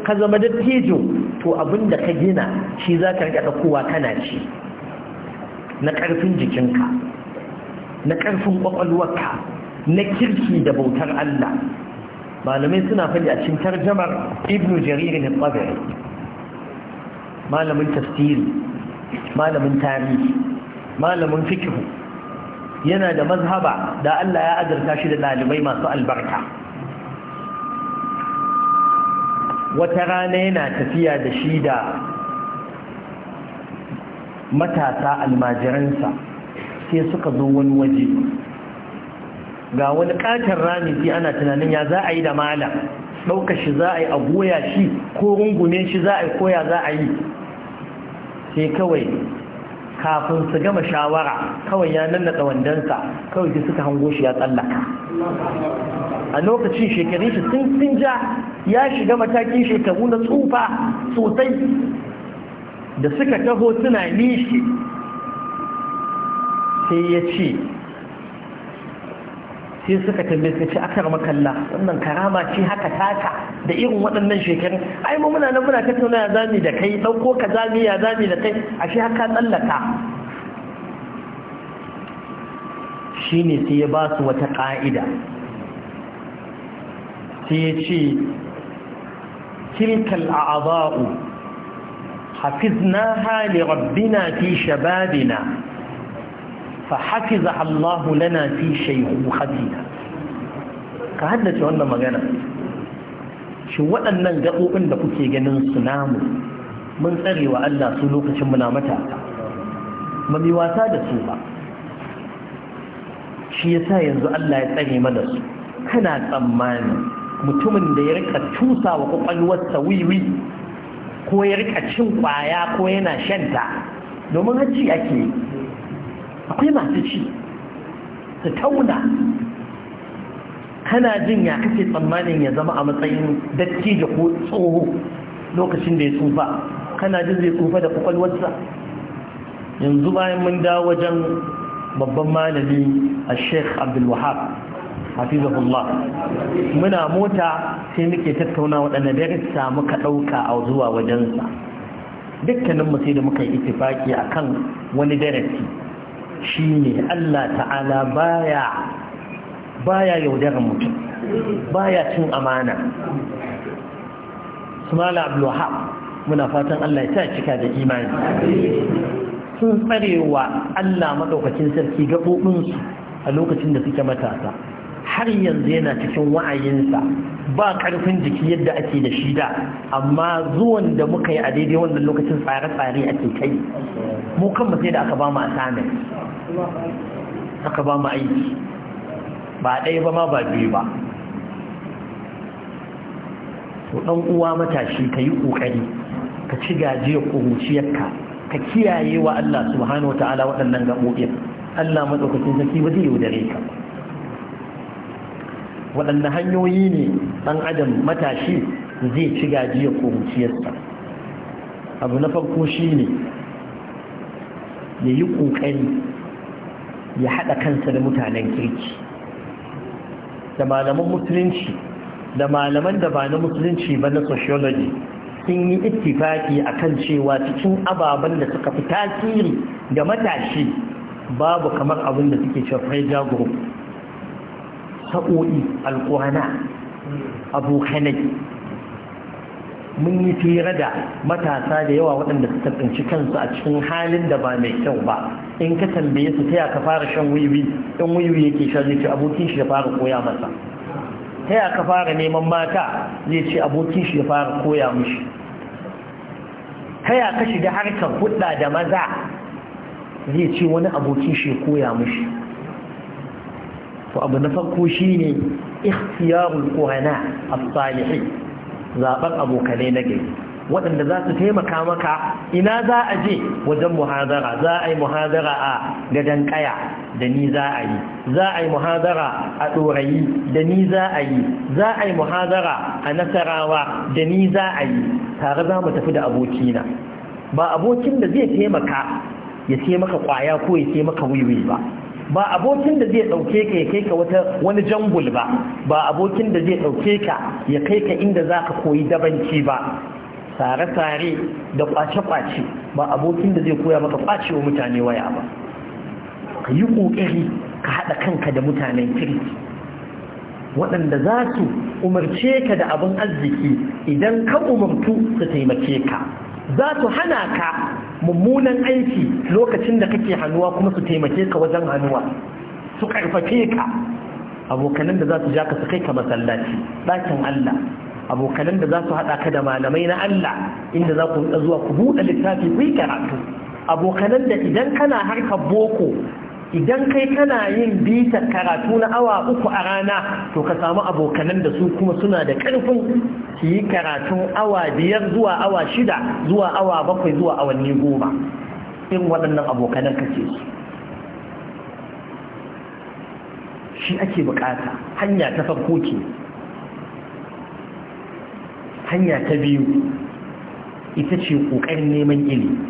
ka zama dattijo to abin da ka gina shi za ka riƙa kowa kana ci na ƙarfin jikinka na ƙarfin ƙwaƙwalwarka na kirki da bautar Allah malamai suna faɗi a cikin tarjamar ibnu jarir ne malamin tafsiri malamin tarihi malamin fikihu yana da mazhaba da Allah ya azurta shi da ɗalibai masu albarka wata rana yana tafiya da shi da matasa almajiransa sai suka zo wani waje ga wani ƙatar rami sai ana tunanin ya za a yi da malam. Ɗauka shi za a yi a goya shi ko rungume shi za a yi koya za a yi sai kawai kafin su gama shawara kawai ya nannaɗa wandonsa kawai sai suka hango shi ya tsallaka a lokacin shekarun shi sun sun ja ya shiga matakin shekaru na tsufa sosai da suka taho suna nishi sai ya ce sai suka tambaye suka ce akar makalla wannan karama ce haka taka da irin waɗannan shekarun ai mu muna nan muna tattauna ya zami da kai ɗauko ka zami ya zami da kai ashe haka tsallaka shine sai ya ba su wata ƙa'ida sai ya ce tilkal a'adha'u hafiznaha li rabbina fi shababina فحفظها lana fi في شيخوختنا ka haddace wannan magana shi waɗannan gaɓoɓin da kuke ganin su namu mun tsare wa Allah su lokacin muna matasa ba mai wasa da su ba shi ya sa yanzu Allah ya tsare mana su kana tsammani mutumin da ya rika tusa wa kwakwalwarsa wiwi ko ya rika cin kwaya ko yana shanta domin hajji ake akwai masu ci su tauna kana jin ya kake tsammanin ya zama a matsayin dattijo ko tsoho lokacin da ya tsufa kana jin zai tsufa da kwakwalwarsa yanzu bayan mun dawo wajen babban malami a sheikh abdulwahab hafizahullah muna mota sai muke tattauna waɗanda samu ka ɗauka a zuwa wajensa dukkaninmu sai da muka yi itifaki kan wani darasi Shi ne Allah ta'ala baya baya yaudarar mutum baya cin amana sumala abdulwahab muna fatan Allah ya ta cika da imani sun tsarewa Allah maɗaukacin sarki gaɓoɓinsu a lokacin da suke matasa har yanzu yana cikin wa'ayinsa ba ƙarfin jiki yadda ake da shi da amma zuwan da muka yi a daidai wannan lokacin tsare-tsare ake kai mu kan sai da aka ba mu assignment haka ba mu aiki ba ɗaya ba ma ba biyu ba to ɗan uwa matashi ka yi ƙoƙari ka ci gajiyar ƙuruciyarka ka kiyaye wa Allah subhanahu wa ta'ala waɗannan gaɓoɓin Allah matsaukacin sarki ba zai yaudare ka waɗanne hanyoyi ne ɗan adam matashi zai ci gajiyar ƙuruciyarsa abu na farko shi ne ya yi ƙoƙari ya haɗa kansa da mutanen kirki da malaman musulunci da malaman da ba na musulunci ba na sociology sun yi ittifaki kan cewa cikin ababen da suka fi tasiri ga matashi babu kamar abin da suke cewa faija group sa'o'i abu abokanai mun yi fira da matasa da yawa waɗanda suka tsinci kansu a cikin halin da ba mai kyau ba in ka tambaye su ta ka fara shan wiwi in wiwi yake sha zai ce abokin shi ya fara koya masa ta ka fara neman mata zai ce abokin shi ya fara koya mishi ta ka shiga harkar hudda da maza zai ce wani abokin shi ya koya mishi to abu na farko shine ikhtiyarul qurana as-salihin zaɓar abokanai na gari waɗanda za su taimaka maka ina za a je wajen muhazara za a yi muhazara a gadon ƙaya da ni za a yi za a yi muhazara a ɗorayi da ni za a yi za a yi muhazara a nasarawa da ni za a yi tare za mu tafi da abokina ba abokin da zai taimaka ya taimaka ƙwaya ko ya taimaka wiwi ba ba abokin da zai ɗauke ka ya kai ka wata wani jangul ba ba abokin da zai ɗauke ka ya kai ka inda za ka koyi dabanci ba Sare-sare da kwace-kwace ba abokin da zai koya maka kwace wa mutane waya ba ka yi ƙoƙari ka haɗa kanka da mutanen kirki waɗanda za su umarce ka da abin arziki idan ka umartu su taimake ka za su hana ka mummunan aiki lokacin da kake hannuwa kuma su taimake ka wajen hannuwa su karfafe ka abokanan da za su ja ka su kai ka masallaci ɗakin Allah abokanan da za su haɗa ka da malamai na Allah inda za ku zuwa ku buɗe littafi ku yi karatu abokanan da idan kana harkar boko idan kai kana yin bita karatu na awa uku a rana to ka samu abokanan da su kuma suna da karfin su yi karatun awa biyar zuwa awa shida zuwa awa bakwai zuwa awanni goma in waɗannan abokanan kake su shi ake bukata hanya ta farko ke hanya ta biyu ita ce ƙoƙarin neman ilimi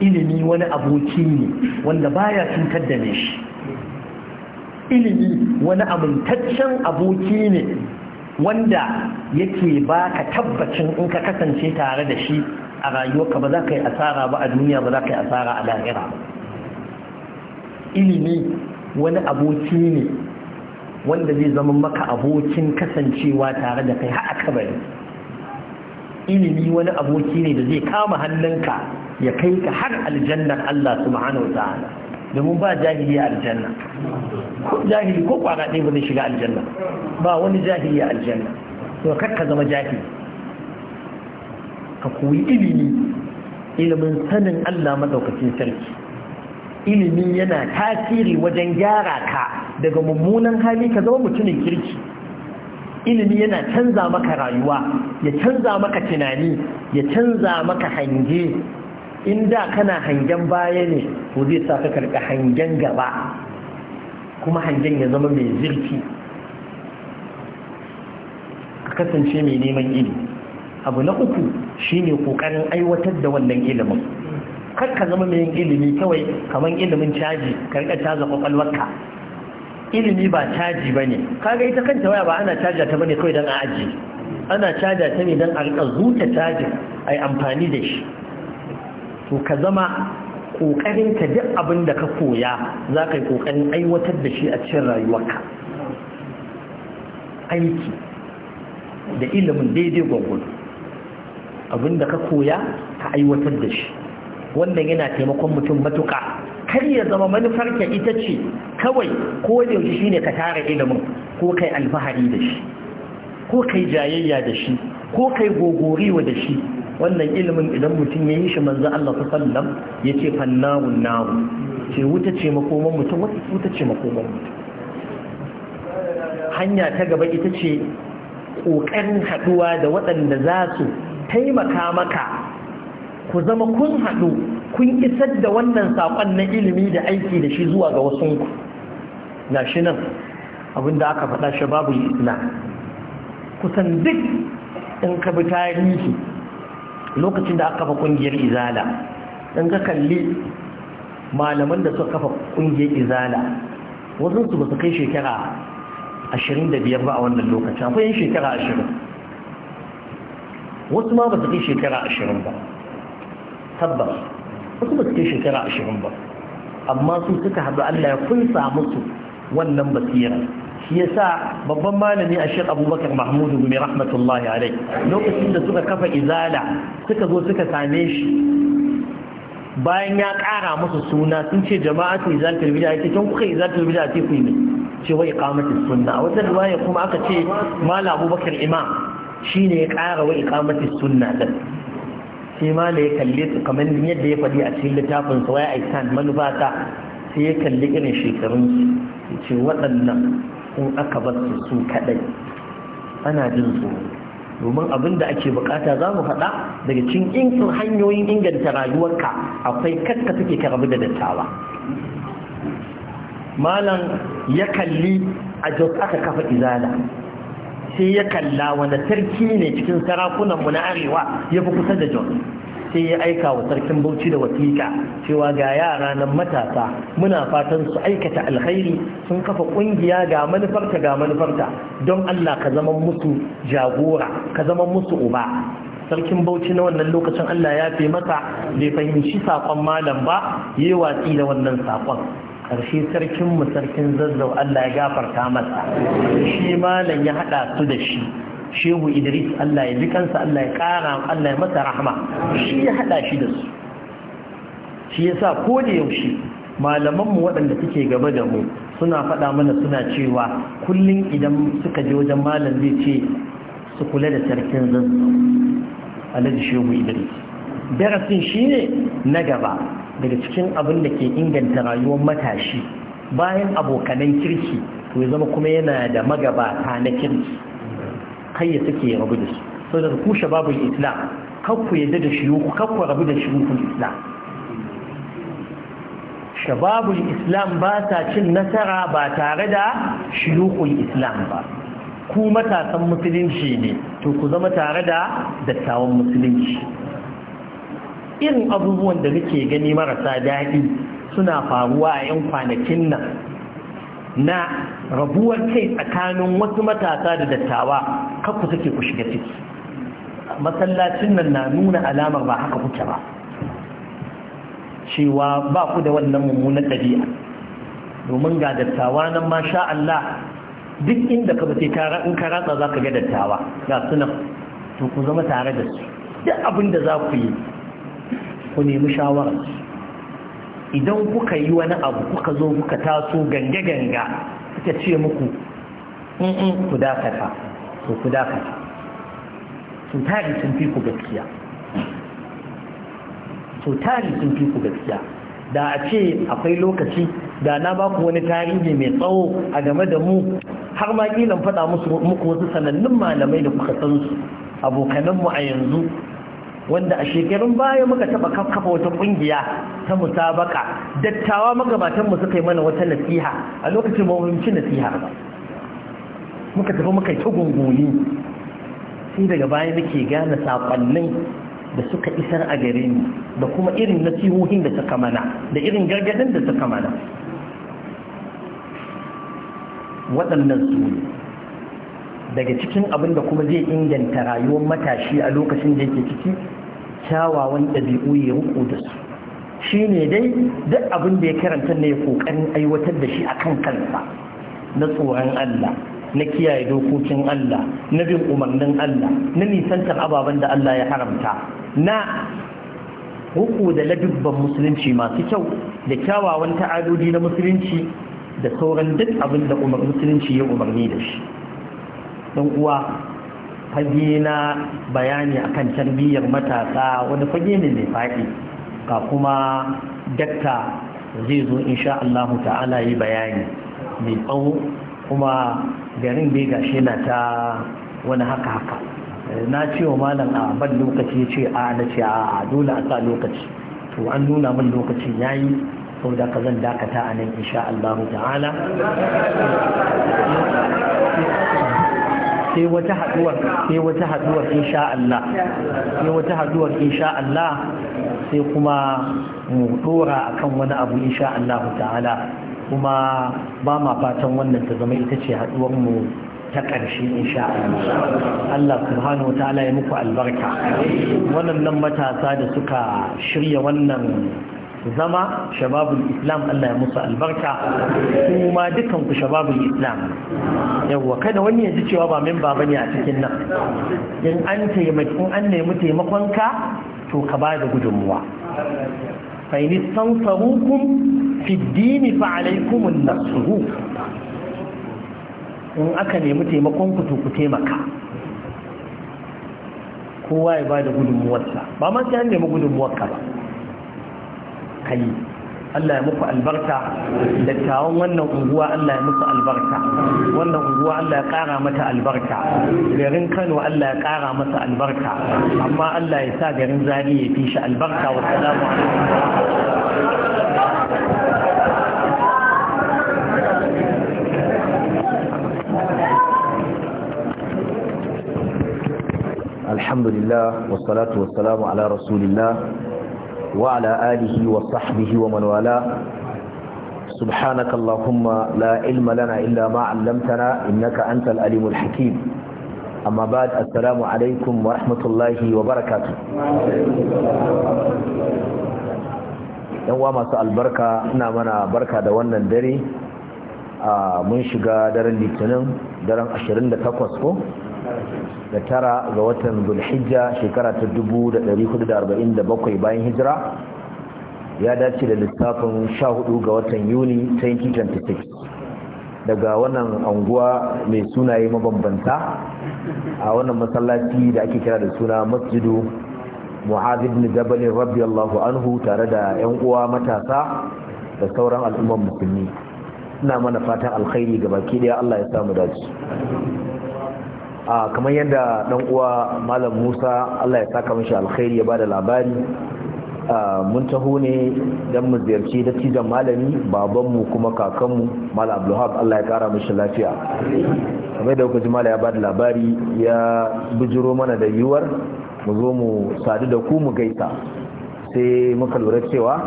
ilimi wani aboki ne wanda baya cutar da shi ilimi wani amintaccen aboki ne wanda yake baka tabbacin in ka kasance tare da shi a rayuwarka ba za ka yi asara ba a duniya ba za ka yi asara a lahira ilimi wani aboki ne wanda zai zama maka abokin kasancewa tare da kai har a ilimi wani aboki ne da zai kama hannunka ya kai ka har aljannar Allah subhanahu wa ta'ala domin ba jahili a aljanna ko jahili ko kwana ɗaya ba zai shiga aljanna ba wani jahili a aljanna to kar ka zama jahili ka koyi ilimi ilimin sanin Allah madaukakin sarki ilimi yana tasiri wajen gyara ka daga mummunan hali ka zama mutumin kirki ilimi yana canza maka rayuwa ya canza maka tunani ya canza maka hange in da kana hangen baya ne to zai sa ka karka hangen gaba kuma hangen ya zama mai zirki ka kasance mai neman ilimi abu na uku shine kokarin aiwatar da wannan ilimin kar ka zama mai ilimi kawai kamar ilimin caji ka caza kwakwalwarka ilimi ba caji ba ne kaga ita kanta waya ba ana caja ta bane kawai don a aji ana caja ta ne don a rika zuta cajin a yi amfani da shi to ka zama kokarin ka duk abin da ka koya za ka yi ƙoƙarin aiwatar da shi a cikin rayuwarka aiki da ilimin daidai gwagwado abin da ka koya ka aiwatar da shi wannan yana taimakon mutum matuƙa kar ya zama manufarka ita ce kawai ko da yaushe shine ka tara ilimin ko kai alfahari da shi ko kai jayayya da shi ko kai gogorewa da shi wannan ilimin idan mutum ya yi shi manzo Allah sallam ya ce fannawun nawu ce wuta ce makoman mutum wata wuta ce makoman mutum hanya ta gaba ita ce ƙoƙarin haɗuwa da waɗanda za su taimaka maka ku zama kun haɗu kun isar da wannan saƙon na ilimi da aiki da shi zuwa ga wasu na shi nan abinda aka faɗa shi babu islam kusan duk in ka bi tarihi lokacin da aka kafa kungiyar izala in ka kalli malaman da suka kafa kungiyar izala wasu su ba su kai shekara 25 ba a wannan lokacin akwai yin shekara 20 wasu ma ba su kai shekara 20 ba tabbas wasu ba su kai shekara 20 ba amma su suka haɗu Allah ya kunsa musu wannan basira shi yasa babban malami a shek abubakar mahmud gumi rahmatullahi alai lokacin da suka kafa izala suka zo suka same shi bayan ya kara musu suna sun ce jama'atu izalatul bid'a ce kun kuka izalatul bid'a a teku ne ce wai sunna a wata riwaya kuma aka ce mala abubakar imam ne ya kara wai iqamatus sunna din sai mala ya kalle su kamar yadda ya faɗi a cikin littafin sa wai aikan manufa ta sai ya kalli irin shekarunsu ya ce waɗannan in aka bar su su kaɗai ana jin tsoro domin abin da ake bukata za mu faɗa daga cin inkin hanyoyin inganta rayuwarka akwai katta suke ka da dattawa malam ya kalli a jos aka kafa izala sai ya kalla wanda sarki ne cikin sarakunanmu na arewa ya fi kusa da jos sai ya aika wa sarkin bauchi da wasiƙa cewa ga yara nan matasa muna fatan su aikata alkhairi sun kafa ƙungiya ga manufarta ga manufarta don Allah ka zama musu jagora ka zama musu uba sarkin bauchi na wannan lokacin Allah ya fi mata bai fahimci saƙon malam ba yi watsi da wannan saƙon ƙarshe sarkin mu sarkin zazzau Allah ya gafarta masa shi malam ya haɗa su da shi shehu idris Allah ya ji kansa Allah ya kara Allah ya masa rahma shi ya hada shi da su shi yasa ko da yaushe malamanmu waɗanda suke gaba da mu suna faɗa mana suna cewa kullum idan suka je wajen malam zai ce su kula da sarkin zan shehu idris darasin shi ne na gaba daga cikin abin da ke inganta rayuwar matashi bayan abokanan kirki to ya zama kuma yana da magabata na kirki kai take ya rabu da su sau da ku shababul islam kakku yadda da ku kakku rabu da ku islam shababul islam ba ta cin nasara ba tare da shiyukun islam ba ku matasan musulunci ne to ku zama tare da dattawan musulunci irin abubuwan da nake gani marasa daɗi suna faruwa a 'yan kwanakin nan na rabuwar kai tsakanin wasu matasa da dattawa kakku take ku shiga ciki masallacin nan na nuna alamar ba haka kuke ba cewa ba ku da wannan mummunan ɗabi'a domin ga dattawa nan sha Allah duk inda ka bace in ka ratsa za ka ga dattawa ga sunan to ku zama tare da su duk abin da za ku yi ku nemi shawararsu idan kuka yi wani abu kuka zo kuka taso ganga-ganga suka ce muku in mm, mm, ku dakata to ku dakata su tari sun fi ku gaskiya su tari sun fi ku gaskiya da a ce akwai lokaci da na ba ku wani tarihi mai tsawo a game da mu har ma kilan faɗa muku wasu sanannun malamai da kuka san su mu a yanzu wanda a shekarun baya muka taba kafa wata kungiya ta musabaka dattawa magabatan mu suka yi mana wata nasiha a lokacin mawuyanci nasiha ba muka tafi muka yi ta sai daga baya muke gane sakonnin da suka isar a gare ni da kuma irin nasihohin da suka mana da irin gargadin da suka mana waɗannan su daga cikin abin da kuma zai inganta rayuwar matashi a lokacin da yake ciki kyawawan ɗabi'u ya ruku da su shi ne dai duk abin da ya karanta ne ya ƙoƙarin aiwatar da shi a kan kansa na tsoron Allah na kiyaye dokokin Allah na bin umarnin Allah na nisantar ababen da Allah ya haramta na ruku da ladubban musulunci masu kyau da kyawawan ta'adodi na musulunci da sauran duk abin da musulunci ya umarni da shi ɗan uwa fage na bayani akan tarbiyyar matasa wani fage ne mai faɗi ga kuma dakta zai zo insha Allah ta'ala yi bayani mai tsawo kuma garin bai gashi na ta wani haka haka na ce wa malam a ban lokaci ce a na ce a dole a sa lokaci to an nuna min ya yi, sau da ka zan dakata a nan insha Allah ta'ala sai wata haduwar sai wata haduwar insha Allah sai wata haduwar insha Allah sai kuma mu dora akan wani abu insha Allah ta'ala kuma ba ma fatan wannan ta zama ita ce haduwar mu ta ƙarshe insha Allah Allah subhanahu ta'ala ya muku albarka wannan matasa da suka shirya wannan su zama shababul islam Allah ya musu albarka kuma dukan ku shababul islam yawa kada wani ya ji cewa ba memba bane a cikin nan in an taimaki in an nemi taimakon ka to ka ba da gudunmuwa fa in tansarukum fi din fa alaykum an-nasr in aka nemi taimakon ku to ku taimaka kowa ya bada da gudunmuwarsa ba ma sai an nemi gudunmuwarka ba hankali Allah ya muku albarka dattawan wannan unguwa Allah ya muku albarka wannan unguwa Allah ya kara mata albarka garin Kano Allah ya kara masa albarka amma Allah ya sa garin Zari ya fi shi albarka wa salamu alhamdulillah wassalatu wassalamu ala rasulillah وعلى آله وصحبه ومن والاه سبحانك اللهم لا علم لنا إلا ما علمتنا إنك أنت الأليم الحكيم أما بعد السلام عليكم ورحمة الله وبركاته yanwa masu albarka ina mana barka da wannan dare mun shiga daren litinin daren 28 ko da tara ga watan zulhijja shekara ta 1447 bayan hijira ya dace da lissafin 14 ga watan yuni 2026 daga wannan anguwa mai sunaye mabambanta a wannan masallaci da ake kira da suna masjidu mu'adh ibn jabal radiyallahu anhu tare da yan uwa matasa da sauran al'umman musulmi ina mana fatan alkhairi ga baki daya Allah ya samu dace kamar yadda dan uwa malam musa allah ya saka mashi alkhairi ya ba da labari mun taho ne don mu ziyarci dattijan malami babanmu kuma kakanmu malam abdulhab allah ya kara mashi lafiya kamar da kuka ya ba da labari ya bijiro mana da yiwuwar mu zo mu sadu da ku mu gaisa sai muka lura cewa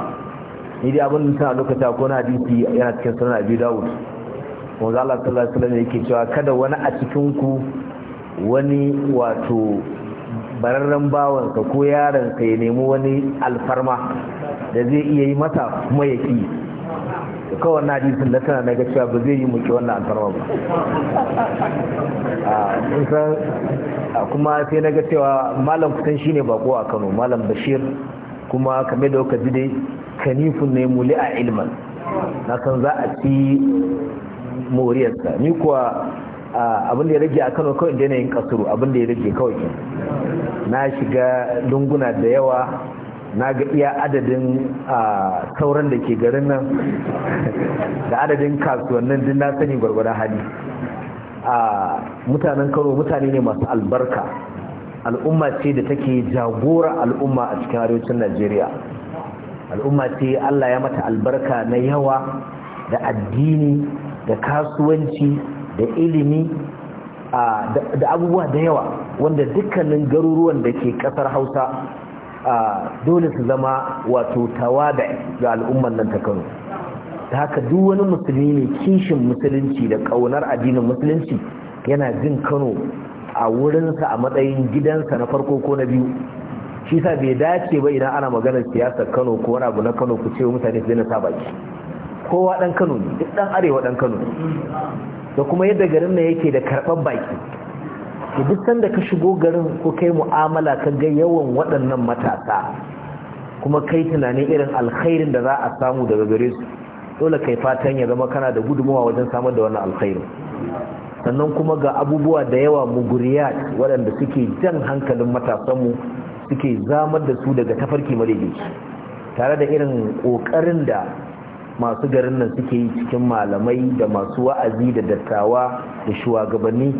ni dai abin tana lokaci ko na hadisi yana cikin sanar abu dawud Wanzu Allah sallallahu alaihi wasallam yake cewa kada wani a cikin ku wani wato bararren bawansa ko yaransa ya nemi wani alfarma da zai iya yi mata kuma ya ƙi kawai na ji sun tana na cewa ba zai yi muke wannan alfarma ba a kuma sai na ga cewa malam kusan shi ne bako a kano malam bashir kuma kame da waka ji dai kanifun ne muli a ilman na san za a ci moriyarsa ni kuwa abin da ya rage a kano kawai daina yin kasuru abin da ya rage kawai na shiga lunguna da yawa na ga iya adadin sauran da ke garin nan da adadin kasuwannin din na sani gwargwadon hali a mutanen kano mutane ne masu albarka al'umma ce da take jagora al'umma a cikin arewacin najeriya al'umma ce allah ya mata albarka na yawa da addini da kasuwanci da ilimi da abubuwa da yawa wanda dukkanin garuruwan da ke kasar hausa dole su zama wato tawada ga al'ummar nan ta kano ta haka duk wani musulmi mai kishin musulunci da ƙaunar addinin musulunci yana jin kano a wurinsa a matsayin gidansa na farko ko na biyu shi sa bai dace ba idan ana maganar siyasar kano ko wani abu na kano ku ce mutane su daina sa baki kowa dan kano ne duk dan arewa dan kano ne da kuma yadda garin nan yake da karɓar baki da duk sanda ka shigo garin ko kai mu'amala ka ga yawan waɗannan matasa kuma kai tunanin irin alkhairin da za a samu daga gare su dole kai fatan ya zama kana da gudunmawa wajen samar da wannan alkhairin sannan kuma ga abubuwa da yawa muguriya waɗanda suke jan hankalin matasanmu suke zamar da su daga tafarki mare tare da irin ƙoƙarin da masu garin nan suke yi cikin malamai da masu wa'azi da dattawa da shugabanni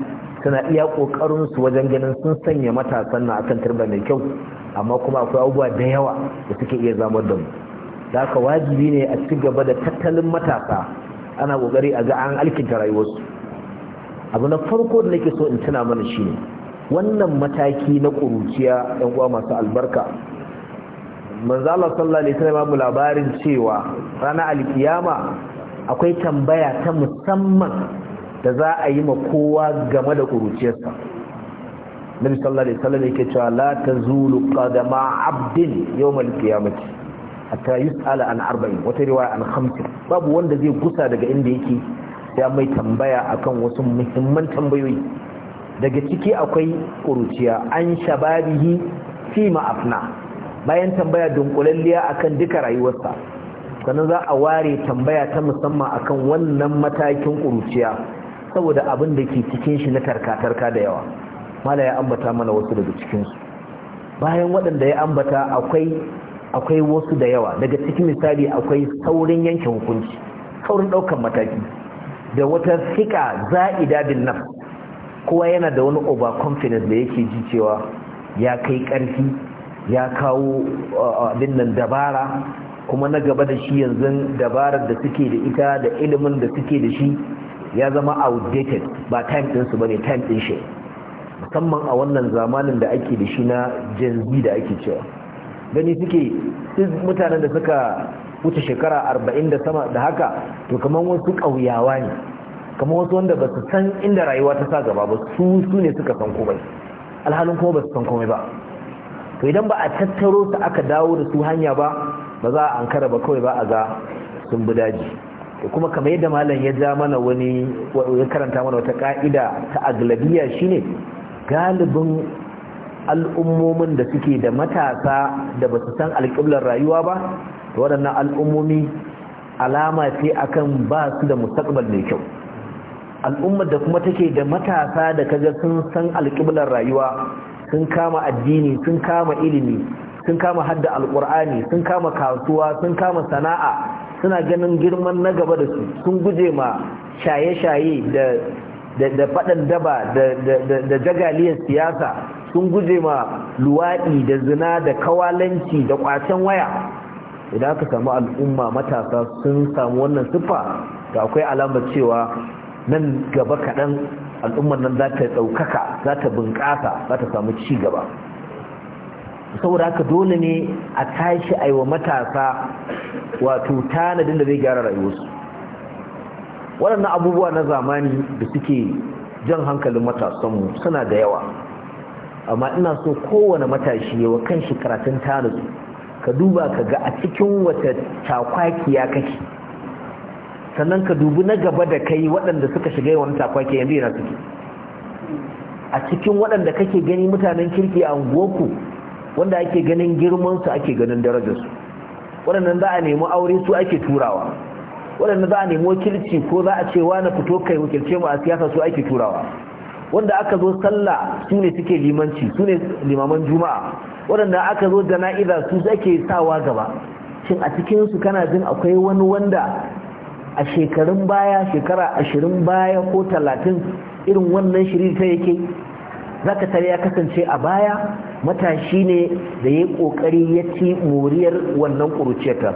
suna iya kokarin su wajen ganin sun sanya matasan na akan tarba mai kyau amma kuma akwai abubuwa da yawa da suke iya zamar da mu da haka wajibi ne a ci gaba da tattalin matasa ana kokari a ga an alkinta rayuwarsu abu na farko da nake so in tuna mana shine wannan mataki na ƙuruciya yan uwa masu albarka manzo Allah sallallahu alaihi wasallam labarin cewa ranar alkiyama akwai tambaya ta musamman da za a yi ma kowa game da kuruciyarsa Nabi sallallahu alaihi wasallam yake cewa la tazulu qadama abdin yawm alqiyamati hatta yus'ala an arba'in wata riwaya an khamsin babu wanda zai gusa daga inda yake ya mai tambaya akan wasu muhimman tambayoyi daga ciki akwai kuruciya an shababihi fi ma'afna bayan tambaya dunkulalliya akan duka rayuwarsa sannan za a ware tambaya ta musamman akan wannan matakin ƙuruciya saboda abin da ke cikin shi na tarka-tarka da yawa mala ya ambata mana wasu daga cikinsu bayan waɗanda ya ambata akwai akwai wasu da yawa daga cikin misali akwai saurin yanke hukunci saurin ɗaukar mataki da wata fika za'ida bin nafs kowa yana da wani overconfidence da yake ji cewa ya kai ƙarfi ya kawo abin nan dabara kuma na gaba da shi yanzu dabarar da suke da ita da ilimin da suke da shi ya zama outdated ba time ɗinsu ba ne time ɗin shi musamman a wannan zamanin da ake da shi na gen z da ake cewa gani suke mutanen da suka wuce shekara arba'in da sama da haka to kamar wasu ƙauyawa ne kamar wasu wanda ba su san inda rayuwa ta sa gaba ba su su ne suka san komai alhalin kuma ba su san komai ba to idan ba a tattaro ta aka dawo da su hanya ba ba za a ankara ba kawai ba a ga sun bi daji kuma kamar yadda malam ya ja mana wani ya karanta mana wata ka'ida ta aglabiya shine galibin al'ummomin da suke da matasa da ba su san alƙiblar rayuwa ba da waɗannan al'ummomi alama ce akan ba su da mustaqbal mai kyau al'ummar da kuma take da matasa da kaga sun san alƙiblar rayuwa sun kama addini sun kama ilimi sun kama hadda alkur'ani sun kama kasuwa sun kama sana'a suna ganin girman na gaba da su sun guje ma shaye-shaye da faɗan daba da jagaliyar siyasa sun guje ma luwaɗi da zina da kawalanci da ƙwacen waya idan aka samu al'umma matasa sun samu wannan siffa da akwai alamar cewa nan gaba kaɗan al'ummar nan za ta ɗaukaka za ta bunƙasa za ta samu ci gaba saboda haka dole ne a tashi a yi wa matasa wato tanadin da zai gyara rayuwarsu waɗannan abubuwa na zamani da suke jan hankalin matasanmu suna da yawa amma ina so kowane matashi yawa kan shi karatun tanadu ka duba ka ga a cikin wata cakwakiya kake sannan ka dubi na gaba da kai waɗanda suka shiga yawan ke yanzu yana suke a cikin waɗanda kake gani mutanen kirki a unguwarku wanda ake ganin girmansu ake ganin darajarsu waɗannan za a nemi aure su ake turawa waɗanda za a nemi wakilci ko za a ce wani fito kai wakilce mu a siyasa su ake turawa wanda aka zo sallah su ne suke limanci su ne limaman juma'a waɗanda aka zo jana'iza su ake sawa gaba shin a cikinsu kana jin akwai wani wanda a shekarun baya shekara ashirin baya ko talatin irin wannan shirin ta yake za ka tare ya kasance a baya matashi ne da ya kokari ya ci moriyar wannan kuruciyar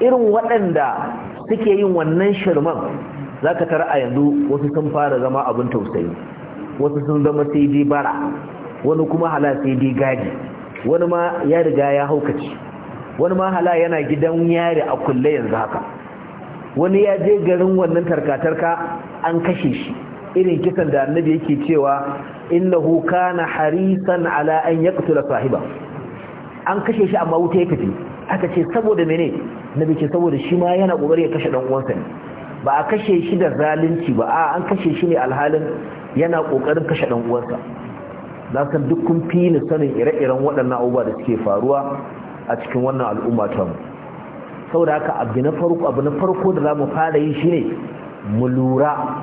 irin waɗanda suke yin wannan shirman za ka tara a yanzu wasu sun fara zama abin tausayi wasu sun zama sai dai bara wani kuma hala sai dai gadi, wani ma ya riga ya haukaci wani ma hala yana gidan yare a kulle yanzu haka wani ya je garin wannan tarkatarka an kashe shi irin kisan da annabi yake cewa innahu kana harisan ala an yaqtula sahiba an kashe shi amma wuta ya tafi aka ce saboda mene nabi ce saboda shi ma yana kokari ya kashe dan uwansa ne ba a kashe shi da zalunci ba a an kashe shi ne alhalin yana kokarin kashe dan uwansa na san duk kun fi sanin ire-iren waɗannan abubuwa da suke faruwa a cikin wannan al'umma ta mu Sau da haka abu na farko abu na farko da zamu fara yi shine mu lura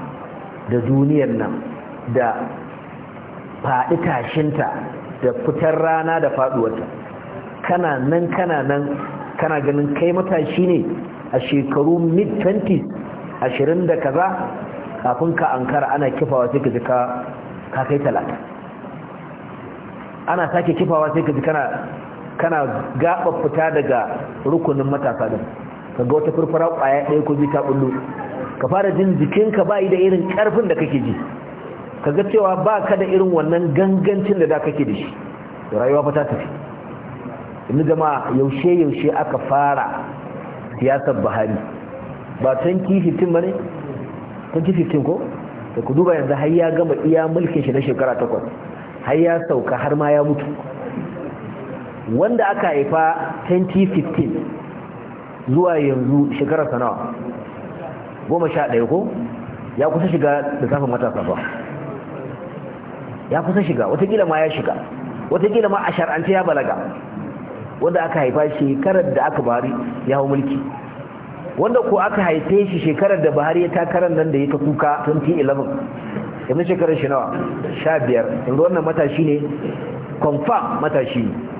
da duniyar nan da faɗi tashinta da fitar rana da faɗuwarta kana nan kana nan kana ganin kai matashi ne a shekaru mid 20 ashirin da kaza kafin ka ankara ana kifawa sai ka ji ka kai talata ana sake kifawa sai ka ji kana kana gaba fita daga rukunin matasa din ga wata furfura kwaya ɗaya ko ta bullo ka fara jin jikinka ba yi da irin ƙarfin da kake ji Ka ga cewa ba ka da irin wannan gangancin da da kake da shi rayuwa fa ta tafi inda jama'a yaushe yaushe aka fara siyasar buhari ba 2015 ba ne 2015 ko da ku duba yanzu har ya gama iya mulkin shi na shekara takwas har ya sauka har ma ya mutu wanda aka haifa 2015 zuwa yanzu shekarar sanawa goma sha ɗaya ko ya kusa shiga da safin matasa ba ya kusa shiga watakila ma ya shiga watakila ma a shar'ance ya balaga wanda aka haifa shekarar da aka bari ya hau mulki wanda ko aka haife shi shekarar da bahari ya takarar nan da ya ta kuka 2011 yanzu shekarar shi nawa 15 yanzu wannan matashi ne confirm matashi ne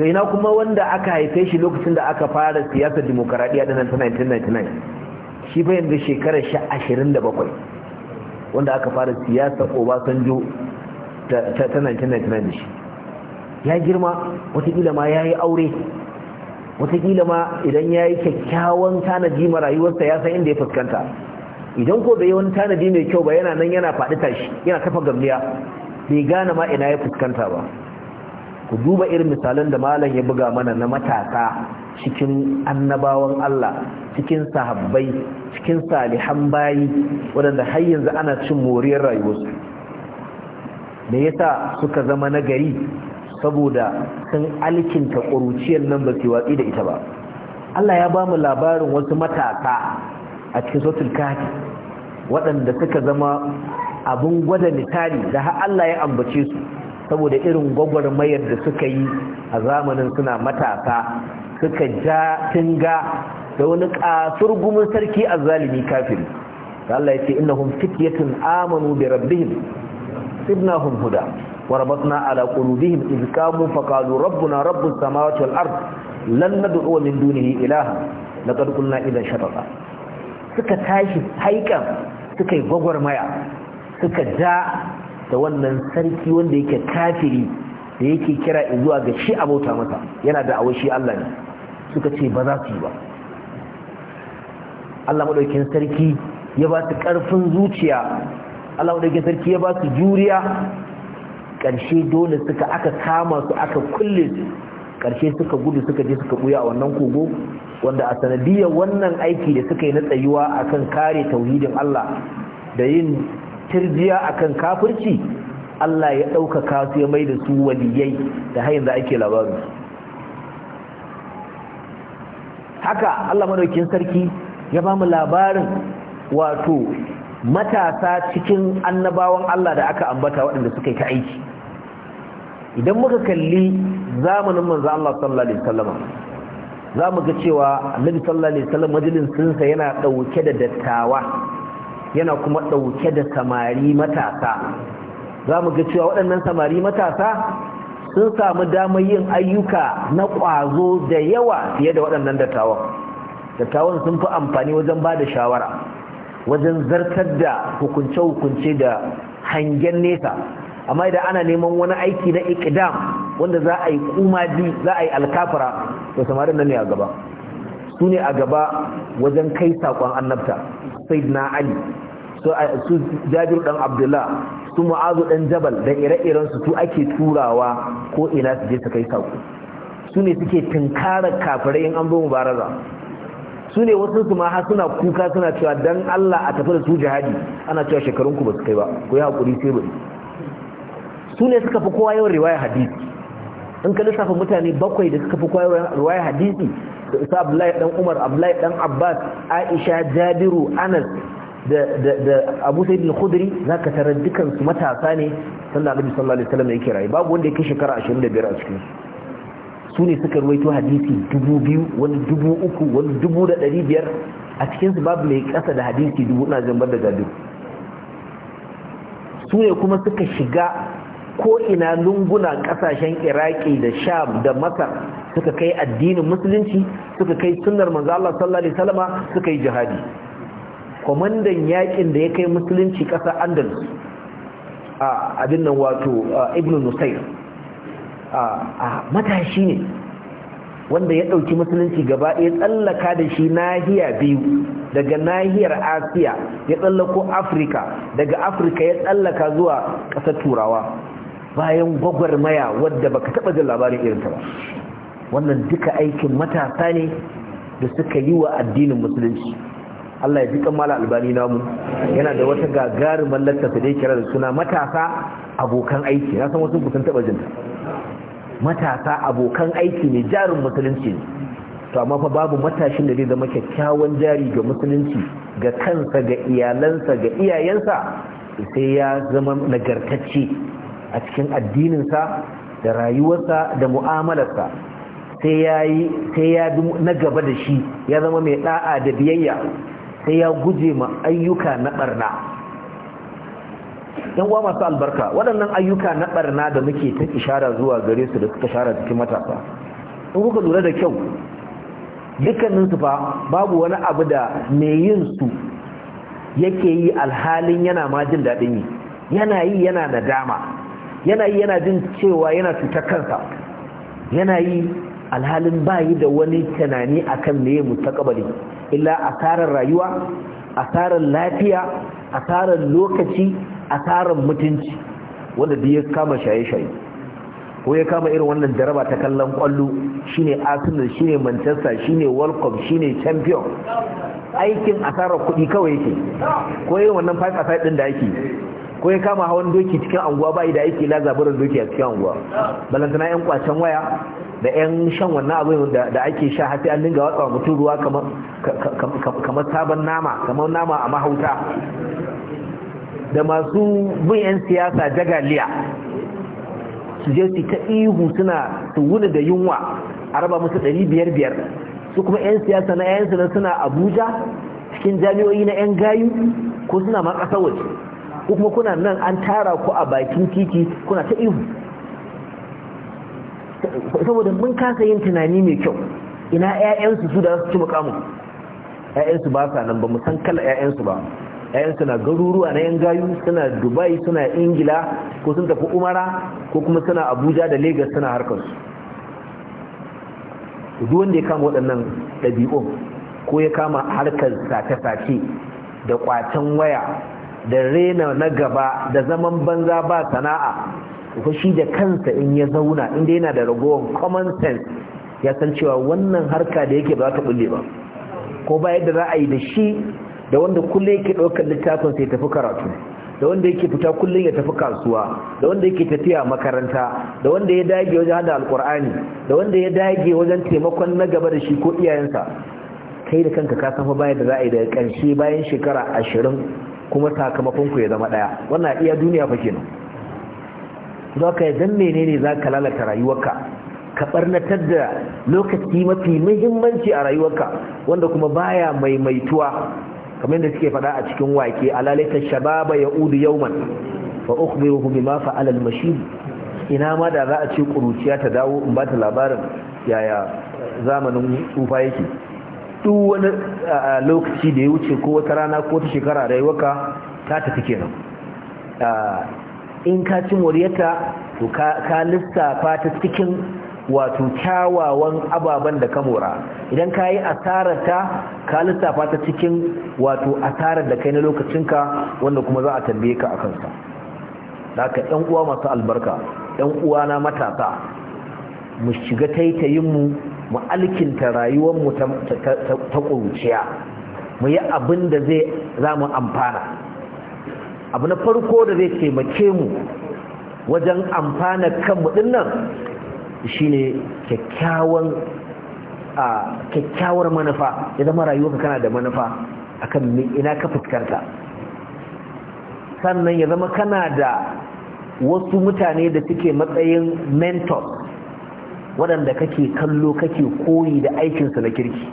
to ina kuma wanda aka haife shi lokacin da aka fara siyasar demokaradiyya ɗanan ta 1999 shi bayan da shekarar sha ashirin da bakwai wanda aka fara siyasar obasanjo ta 1999 da shi ya girma watakila ma ya yi aure watakila ma idan ya yi kyakkyawan tanadi ma rayuwarsa ya san inda ya fuskanta idan ko bai wani tanadi mai kyau ba yana nan yana faɗi tashi yana kafa gamliya bai gane ma ina ya fuskanta ba ku duba irin misalan da malam ya buga mana na matasa cikin annabawan Allah cikin sahabbai cikin salihan bayi waɗanda har yanzu ana cin moriyar rayuwarsu me yasa suka zama na gari saboda sun alkinta ƙuruciyar nan ba su watsi da ita ba Allah ya ba mu labarin wasu matasa a cikin sautul kafi waɗanda suka zama abin gwada misali da har Allah ya ambace su saboda irin gwagwarmayar da suka yi a zamanin suna matasa suka ja tinga da wani kasur gumin sarki a zalimi kafin. Allah ya ce innahum fityatun amanu bi rabbihim sidnahum huda wa rabatna ala qulubihim iz qamu fa qalu rabbuna rabbus samawati wal ard lan nad'u min dunihi ilaha laqad qulna idan shatata suka tashi haikan suka yi gwagwarmaya suka ja da wannan sarki wanda yake kafiri da yake kira in zuwa ga shi abota masa yana da awashi Allah ne suka ce ba za su yi ba Allah madaukakin sarki ya ba su karfin zuciya Allah madaukakin sarki ya ba su juriya ƙarshe dole suka aka kama su aka kulle su karshe suka gudu suka je suka buya a wannan kogo wanda a sanadiyar wannan aiki da suka yi na tsayuwa akan kare tauhidin Allah da yin tirjiya akan kafirci Allah ya ɗaukaka su ya mai da su waliyai da hayin da ake labarin haka Allah madaukin sarki ya ba mu labarin wato matasa cikin annabawan Allah da aka ambata waɗanda suka yi ta aiki idan muka kalli zamanin manzo Allah sallallahu alaihi wasallam za mu ga cewa annabi sallallahu alaihi wasallam majalisinsa yana ɗauke da dattawa yana kuma ɗauke da samari matasa za mu ga cewa waɗannan samari matasa sun samu damar yin ayyuka na ƙwazo da yawa fiye da waɗannan dattawan dattawan sun fi amfani wajen ba da shawara wajen zartar da hukunce-hukunce da hangen nesa amma idan ana neman wani aiki na ikidam wanda za a yi kumadi za a yi alkafara da samarin nan ne a gaba su ne a gaba wajen kai saƙon annabta sayyidina ali su jabir dan abdullah su mu'azu dan jabal da ire-iren su su ake turawa ko ina su je su kai sako su ne suke tunkarar kafirai in an bi mubaraza su ne wasu su ma har suna kuka suna cewa dan Allah a tafi da su jihadi ana cewa shekarun ku ba su kai ba ku yi hakuri sai ba su ne suka fi kowa yawan riwaya hadisi in ka lissafa mutane bakwai da suka fi kowa yawan riwaya hadisi da isa abdullahi dan umar abdullahi dan abbas aisha jabiru anas da da da abu sa'id al-khudri zaka tarar dukan su matasa ne sallallahu alaihi sallallahu alaihi wasallam yake rayi babu wanda yake shekara 25 a cikin su ne suka ruwaito hadisi 2000 wani 3000 wani 1500 a cikin su babu mai kasa da hadisi 1000 na zambar da Jabiru. su ne kuma suka shiga ko ina lunguna kasashen iraki da sham da masar suka kai addinin musulunci suka kai sunnar manzo Allah sallallahu alaihi wasallama suka yi jihadi Kwamandan yakin da ya kai musulunci kasa andalus a abin nan wato ibn nusayr a matashi ne wanda ya dauki musulunci gaba ɗaya tsallaka da shi nahiya biyu daga nahiyar asiya ya tsallako afirka daga afirka ya tsallaka zuwa ƙasar turawa bayan gwagwarmaya wadda baka taba jin labarin irinta ba wannan duka aikin matasa ne da suka yi wa addinin musulunci Allah ya ji kammala albani namu yana da wata gagarin lattafa su dai kira da suna matasa abokan aiki na san wasu kusan taba jinta matasa abokan aiki ne jarin musulunci ne to amma fa babu matashin da zai zama kyakkyawan jari ga musulunci ga kansa ga iyalansa ga iyayensa sai ya zama nagartacce a cikin addininsa da rayuwarsa da mu'amalarsa sai ya na gaba da shi ya zama mai da'a da biyayya sai ya guje ma ayyuka na barna yan uwa masu albarka waɗannan ayyuka na barna da muke ta ishara zuwa gare su da suka shara cikin matasa in kuka lura da kyau dukkaninsu fa babu wani abu da mai yin su yake yi alhalin yana ma jin daɗin yi yana yi yana nadama yana yi yana jin cewa yana cutar kansa yana yi alhalin bayi da wani tunani akan da ya mutu mutaqabali illa asarar rayuwa asarar lafiya asarar lokaci asarar mutunci wanda duk ya kama shaye-shaye ko ya kama irin wannan jaraba ta kallon kwallo shine Arsenal shine Manchester shine World Cup shine Champion aikin asarar kuɗi kawai yake ko irin wannan five aside din da yake ko ya kama hawan doki cikin anguwa ba da aiki lazabarin doki a cikin anguwa balantana yan kwacen waya da yan shan wannan abu da ake sha hafi an dinga watsa mutum ruwa kamar sabon nama kamar nama a mahauta da masu bin yan siyasa jagaliya su je su ta ihu suna su wuni da yunwa a raba musu ɗari biyar biyar su kuma yan siyasa na yan suna suna abuja cikin jami'o'i na yan gayu ko suna ma ƙasar waje ko kuma kuna nan an tara ku a bakin titi kuna ta ihu saboda mun kasa yin tunani mai kyau ina ƴaƴansu su da su ci mukamu ƴaƴansu ba sa nan ba mu san kala ƴaƴansu ba ƴaƴansu na garuruwa na yan gayu suna Dubai suna Ingila ko sun tafi Umara ko kuma suna Abuja da Lagos suna harkar su duk wanda ya kama waɗannan ɗabi'un ko ya kama harkar sace-sace da kwacen waya da rena na gaba da zaman banza ba sana'a ko shi da kansa in ya zauna inda yana da ragowar common sense ya san cewa wannan harka da yake ba za ta bulle ba ko ba yadda za a yi da shi da wanda kullum yake ɗaukar littafin sai tafi karatu da wanda yake fita kullum ya tafi kasuwa da wanda yake tafiya makaranta da wanda ya dage wajen hada alkur'ani da wanda ya dage wajen taimakon na gaba da shi ko iyayensa kai da kanka ka san fa bayan da za a yi daga ƙarshe bayan shekara ashirin kuma sakamakon ku ya zama daya wannan iya duniya fa kenan yi dan menene za ka lalata rayuwarka ka barnatar da lokaci mafi muhimmanci a rayuwarka wanda kuma baya maimaituwa kamar da suke faɗa a cikin wake lalata shababa yaudu yawman fa ukhbiruhu bima fa'ala al-mashib ina ma da za a ce kuruciya ta dawo in ba ta labarin yaya zamanin tsufa yake duk wani lokaci da ya wuce ko wata rana ko ta shekara rayuwarka ta tafi kenan in ka ci moriyarta to ka lissafa ta cikin wato kyawawan ababen da ka mora idan ka yi ta ka lissafa ta cikin wato asarar da kai na lokacinka wanda kuma za a tambaye ka a kansa za ka yan uwa masu albarka yan uwa na matasa mu shiga mu. mu alkinta rayuwar mu ta ƙuruciya mu yi abin da zai za mu amfana abu na farko da zai taimake mu wajen amfana kanmu dinnan shine kyakkyawan a kyakkyawar manufa ya zama rayuwarka kana da manufa akan ina ka fuskarta sannan ya zama kana da wasu mutane da suke matsayin mentor waɗanda kake kallo kake koyi da aikinsu na kirki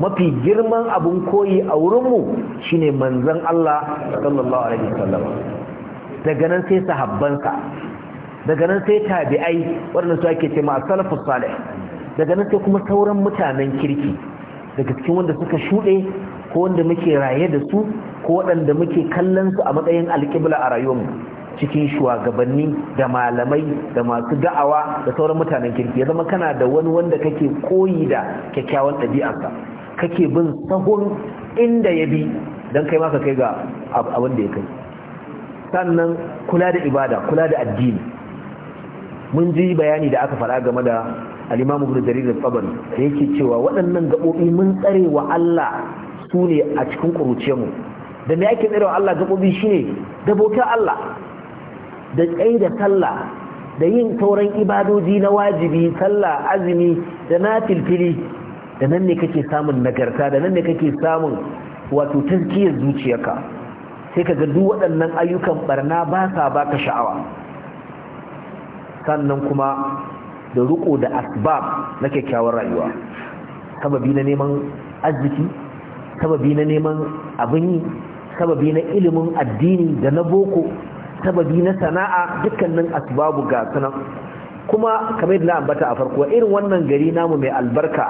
mafi girman abun koyi a wurinmu shine manzon Allah sallallahu alaihi wasallam daga nan sai sahabbansa daga nan sai tabi'ai waɗanda su ake cewa Salafu salih daga nan sai kuma sauran mutanen kirki daga cikin wanda suka shuɗe ko wanda muke raye da su ko waɗanda muke kallon su a matsayin alƙibla a rayuwarmu cikin shugabanni da malamai da masu da'awa da sauran mutanen kirki ya zama kana da wani wanda kake koyi da kyakkyawan ɗabi'arsa kake bin sahun inda ya bi don kai maka kai ga abin da ya kai sannan kula da ibada kula da addini mun ji bayani da aka fara game da alimamu guda Jarir da tsabar da yake cewa waɗannan gaɓoɓi mun tsare wa Allah su ne a cikin ƙuruce mu da me ake tsare wa Allah shi ne da bautar Allah da tsaye da sallah da yin sauran ibadoji na wajibi sallah azumi da na filfili da nan ne kake samun nagarta da nan ne kake samun wato tazkiyar zuciyarka sai ka ga duk waɗannan ayyukan barna ba sa baka sha'awa sannan kuma da riko da asbab na kyakkyawar rayuwa sababi na neman arziki sababi na neman abin yi sababi na ilimin addini da na boko sababi na sana'a dukkanin asbabu ga sunan kuma kamar yadda ambata a farko irin wannan gari namu mai albarka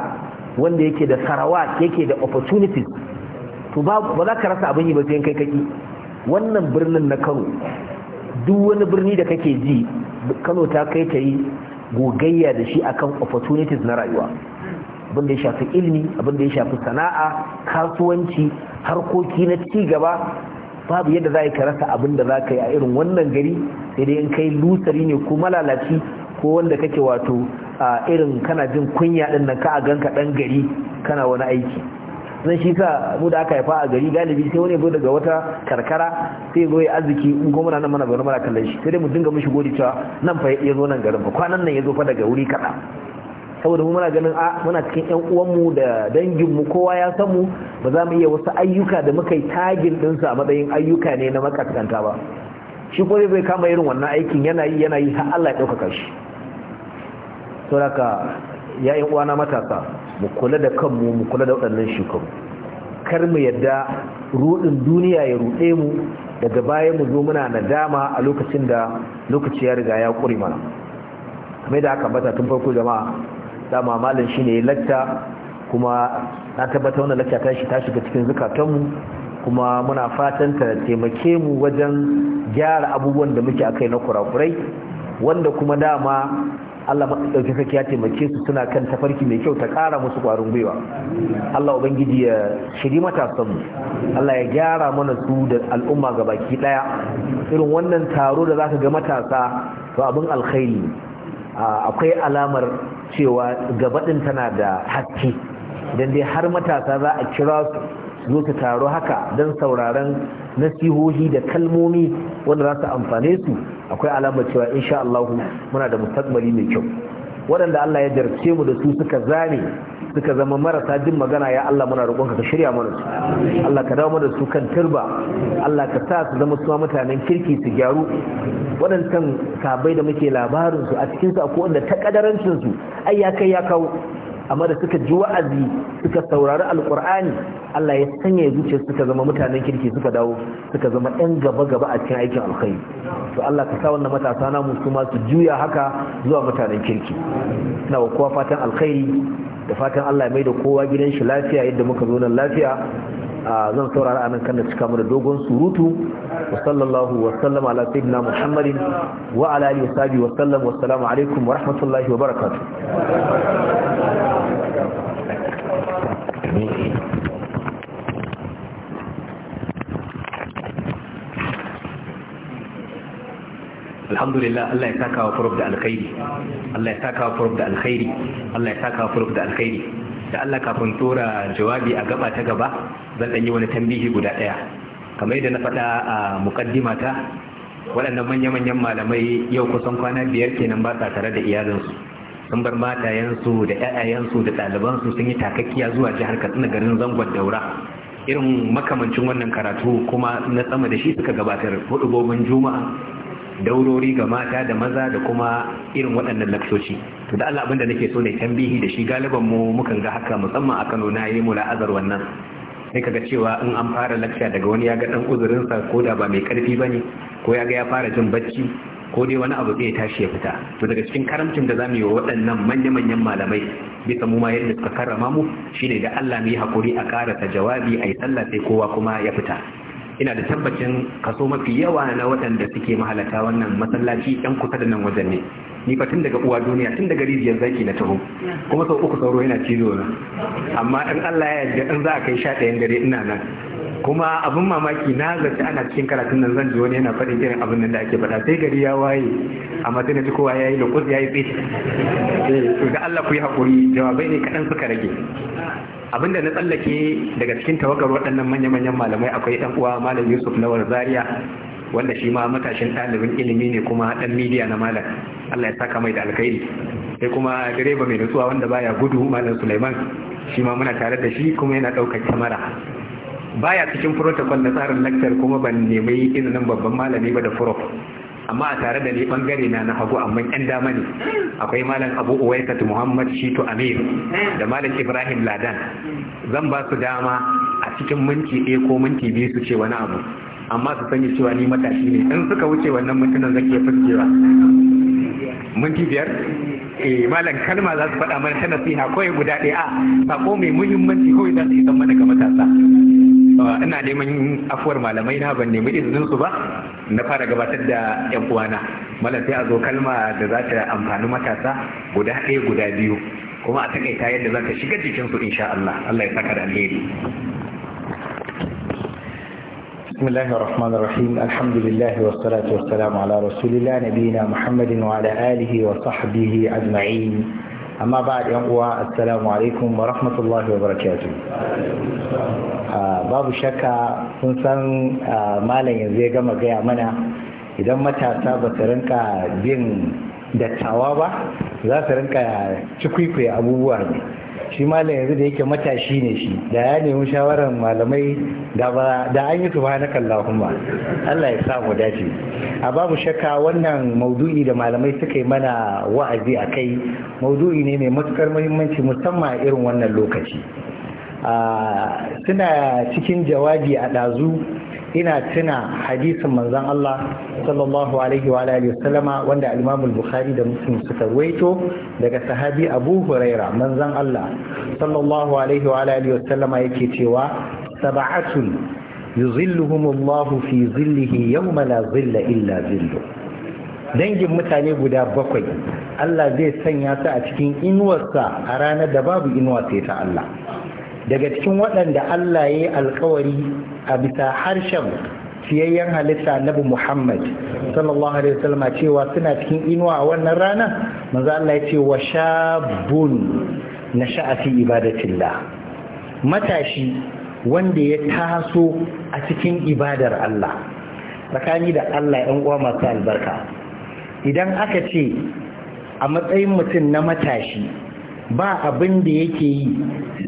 wanda yake da sarawat yake da opportunities to ba za ka rasa abin yi ba sai kai kaki wannan birnin na Kano duk wani birni da kake ji Kano ta kai ta yi gogayya da shi akan opportunities na rayuwa abin da ya shafi ilimi abin da ya shafi sana'a kasuwanci harkoki na ci gaba babu yadda za ka rasa abin da za ka yi a irin wannan gari sai dai in kai lusari ne ko malalaci ko wanda kake wato a irin kana jin kunya din nan ka a ganka dan gari kana wani aiki zan shi sa mu da aka haifa a gari galibi sai wani zo daga wata karkara sai zo ya arziki in kuma nan mana bari mara kallon shi sai dai mu dinga mishi godiya nan fa ya zo nan garin fa kwanan nan ya zo fa daga wuri kaɗan saboda mu muna ganin a muna cikin yan uwanmu da danginmu kowa ya san mu ba za mu iya wasu ayyuka da muka yi tagin ɗinsu a matsayin ayyuka ne na makaskanta ba shi ko zai kama irin wannan aikin yana yi yana yi har Allah ya dauka shi haka ya ƴan uwana matasa mu kula da kanmu mu kula da waɗannan shekaru kar mu yadda ruɗin duniya ya ruɗe mu daga baya mu zo muna nadama a lokacin da lokaci ya riga ya ƙure mana kamar da aka bata tun farko jama'a dama malin shi ne lakta kuma na tabbata wannan lakta ta shi ta shiga cikin zukatanmu kuma muna fatan ta taimake mu wajen gyara abubuwan da muke akai na kurakurai wanda kuma dama Allah ɗauki kake ya taimake su suna kan tafarki mai kyau ta ƙara musu ƙwarin gwiwa Allah ubangiji ya shiri mu Allah ya gyara mana su da al'umma ga baki ɗaya irin wannan taro da za ka ga matasa to abin alkhairi akwai alamar cewa gabaɗin tana da haske don dai har matasa za a kira su zo su taro haka don sauraron nasihohi da kalmomi wanda za su amfane su akwai alamar cewa insha Allah muna da mustaqbali mai kyau waɗanda Allah ya jarce mu da su suka zane suka zama marasa jin magana ya Allah muna roƙon ka shirya mana su Allah ka dawo mana su kan turba Allah ka sa su zama suwa mutanen kirki su gyaru waɗancan sabai da muke labarin su a cikin su akwai wanda ta kadarancin su ai ya kai ya kawo amma da suka ji wa'azi suka saurari alkur'ani Allah ya sanya zuciya suka zama mutanen kirki suka dawo suka zama ɗan gaba-gaba a cikin aikin alkhairi to Allah ka sa wannan matasa namu su ma su juya haka zuwa mutanen kirki ina wa kowa fatan alkhairi da fatan Allah ya mai da kowa gidan shi lafiya yadda muka zo nan lafiya zan saurara anan kan da cika mu da dogon surutu wa sallallahu wa sallama ala sayyidina muhammadin wa ala alihi wa sahbihi wa sallam wa assalamu alaikum wa rahmatullahi wa barakatuh alhamdulillah Allah ya saka wa furuf da alkhairi Allah ya saka wa furuf da alkhairi Allah ya saka wa furuf da alkhairi da Allah kafin tura jawabi a gaba ta gaba zan dan wani tambihi guda daya kamar yadda na faɗa a muqaddima ta waɗannan manya-manyan malamai yau kusan kwana biyar kenan ba sa tare da iyalinsu sun bar matayensu da 'ya'yayensu da ɗalibansu sun yi takakkiya zuwa jihar katsina garin zangon daura irin makamancin wannan karatu kuma na sama da shi suka gabatar hudu hudubobin juma'a daurori ga mata da maza da kuma irin waɗannan lakcoci to da Allah abinda nake so ne tambihi da shi galiban mu mukan ga haka musamman a Kano na yi mula'azar wannan sai kaga cewa in an fara lakca daga wani ya ga dan uzurin sa ko da ba mai karfi bane ko ya ga ya fara jin bacci ko dai wani abu zai tashi ya fita to daga cikin karamcin da zamu yi wa waɗannan manya-manyan malamai bisa mu ma yadda suka karrama mu shine da Allah mu yi hakuri a karasa jawabi ai sallah sai kowa kuma ya fita ina da tabbacin kaso mafi yawa na waɗanda suke mahalata wannan masallaci ɗan kusa da nan wajen ne ni fa tun daga uwa duniya tun daga rijiyar zaki na taho kuma sau uku sauro yana cizo na amma in Allah ya yarda in za a kai sha ɗayan dare ina nan kuma abin mamaki na zaci ana cikin karatun nan zan ji wani yana faɗin irin abin nan da ake faɗa sai gari ya waye amma sai na ji kowa yayi lokus yayi tsit eh, to da Allah ku yi hakuri jawabai ne kaɗan suka rage Abin da na tsallake daga cikin tawakar waɗannan manya-manyan malamai akwai ɗan uwa malam yusuf na Zariya, wanda shi ma matashin ɗalibin ilimi ne kuma ɗan midiya na malam allah ya saka mai da alkhairi sai kuma direba mai nutsuwa wanda baya gudu malam suleiman shi ma muna tare da shi kuma yana ɗaukar kyamara baya cikin protocol na tsarin lakcar kuma ban nemi izinin babban malami ba da furof amma a tare da ni bangare na na hagu amma yan dama ne akwai malam abu uwaisat muhammad shitu amir da malam ibrahim ladan zan ba su dama a cikin minti ɗaya ko minti biyu su ce wani abu amma su sani cewa ni matashi ne in suka wuce wannan mintunan zan iya fuskewa minti biyar eh malam kalma za su faɗa mana ta nasiha kawai guda ɗaya a sako mai muhimmanci kawai za su yi mana ga matasa ina neman afuwar malamai na ban nemi izinin su ba na fara gabatar da yan uwana malam sai a zo kalma da za ta amfani matasa guda ɗaya guda biyu kuma a takaita yadda za ta shiga jikinsu insha Allah Allah ya saka da alheri بسم الله الرحمن الرحيم الحمد لله والصلاة والسلام على رسول الله نبينا محمد وعلى آله وصحبه أجمعين amma ba da yan uwa assalamu alaikum wa rahmatullahi wa barakatuh ah, babu shakka sun san ah, malam yanzu ya gama gaya mana idan matasa ba su rinka bin dattawa ba za su rinka cikwikwe abubuwa ne shi malam yanzu da yake matashi ne shi da ya nemi shawarar malamai da ba da an yi kan lahuma. Allah ya sa mu dace a babu shakka wannan maudu'i da malamai suka yi mana wa'azi a kai maudu'i ne mai matukar muhimmanci musamman a irin wannan lokaci suna cikin jawabi a ɗazu ina tuna hadisin manzon Allah sallallahu alaihi wa alihi sallama wanda al-Imam bukhari da Muslim suka ruwaito daga sahabi Abu Huraira manzon Allah sallallahu alaihi wa alihi sallama yake cewa sab'atun yuzilluhumullahu fi zillihi yawma la zilla illa zillu dangin mutane guda bakwai Allah zai sanya su a cikin inuwarsa a ranar da babu inuwa sai ta Allah daga cikin waɗanda Allah ya yi alkawari a bisa harshen fiyayyen halitta nabi Muhammad sallallahu alaihi wasallam cewa suna cikin inuwa a wannan rana manzo Allah ya ce wa shabun nasha'a fi ibadatillah matashi wanda ya taso a cikin ibadar Allah tsakani da Allah ɗan uwa masu albarka idan aka ce a matsayin mutum na matashi ba abin da yake yi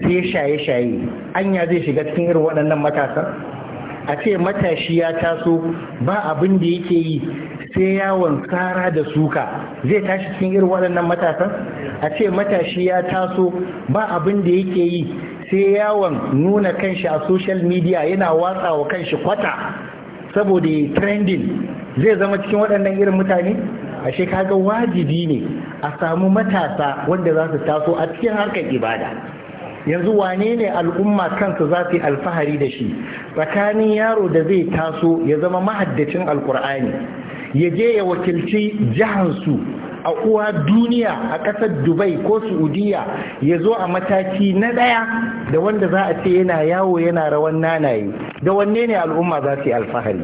sai shaye-shaye anya zai shiga cikin irin waɗannan matasa? a ce matashi ya taso ba abin da yake yi sai yawon tsara da suka zai tashi cikin irin waɗannan matasa? a ce matashi ya taso ba abin da yake yi sai yawon nuna kanshi a social media yana watsa wa kanshi kwata saboda trending zai zama cikin waɗannan irin mutane ashe ga wajibi ne a samu matasa wanda za su taso a cikin harkar ibada yanzu wane ne al'umma kansu za su yi alfahari da shi tsakanin yaro da zai taso ya zama mahaddacin alkur'ani ya je ya wakilci jihansu a uwa duniya a ƙasar dubai ko saudiya ya zo a mataki na ɗaya da wanda za a ce yana yawo yana rawan nanaye da wanne ne al'umma za su yi alfahari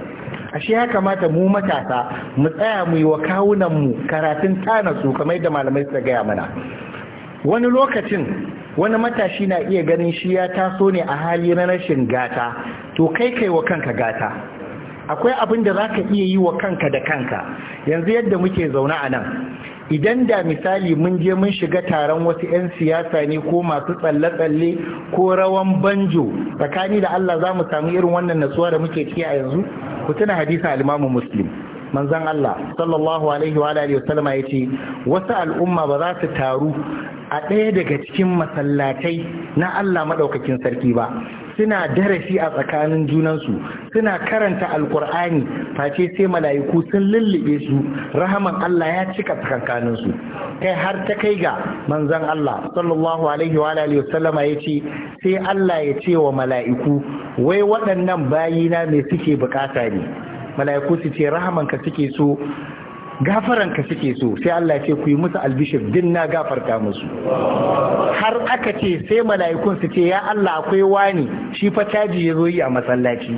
ashe ya kamata mu matasa mu tsaya mu yi wa kawunanmu karatun tana su kamar yadda malamai suka gaya mana wani lokacin wani matashi na iya ganin shi ya taso ne a hali na rashin gata to kai kai wa kanka gata akwai abin da za ka iya yi wa kanka da kanka yanzu yadda muke zaune a nan idan da misali mun je mun shiga taron wasu 'yan siyasa ne ko masu tsalle-tsalle ko rawan banjo tsakani da Allah za mu samu irin wannan natsuwa da muke ciki a yanzu ku tuna hadisa alimamin Muslim manzon Allah sallallahu alaihi wa alihi wasallama yace wasu al'umma ba za su taru a ɗaya daga cikin masallatai na Allah madaukakin sarki ba suna darasi a tsakanin junansu suna karanta alkur'ani face sai mala'iku sun lullube su rahaman Allah ya cika tsakankanin su kai har ta kai ga manzon Allah sallallahu alaihi wa alihi wasallama yace sai Allah ya ce wa mala'iku wai waɗannan bayina me suke bukata ne mala'iku su ce rahamanka suke so gafaranka suke so sai Allah ya ce ku yi musu albishir din na gafarta musu har aka ce sai mala'ikun su ce ya Allah akwai wani shi fa caji ya zo yi a masallaci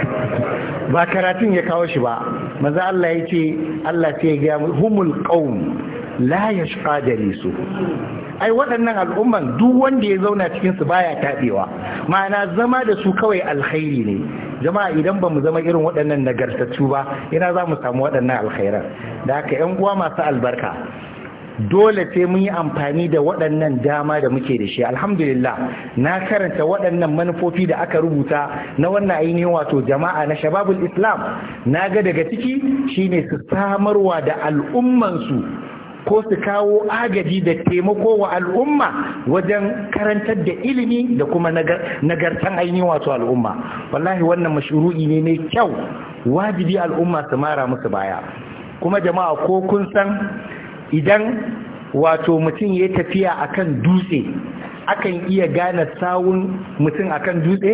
ba karatun ya kawo shi ba maza Allah ya ce Allah sai ya gaya humul qaum la yashqa darisu ai waɗannan al'umman duk wanda ya zauna cikin su baya taɓewa ma'ana zama da su kawai alkhairi ne jama'a idan bamu zama irin waɗannan nagartattu ba ina za mu samu waɗannan alkhairan da haka yan uwa masu albarka dole sai mun yi amfani da waɗannan dama da muke da shi alhamdulillah na karanta waɗannan manufofi da aka rubuta na wannan ainihin wato jama'a na shababul islam na ga daga ciki shine su samarwa da al'ummansu ko su kawo agaji da taimako wa al'umma wajen karantar da ilimi da kuma nagartan ainihin wato al'umma wallahi wannan mashuru'i ne mai kyau wajibi al'umma su mara musu baya kuma jama'a ko kun san idan wato mutum ya tafiya akan dutse akan iya gane sawun mutum akan dutse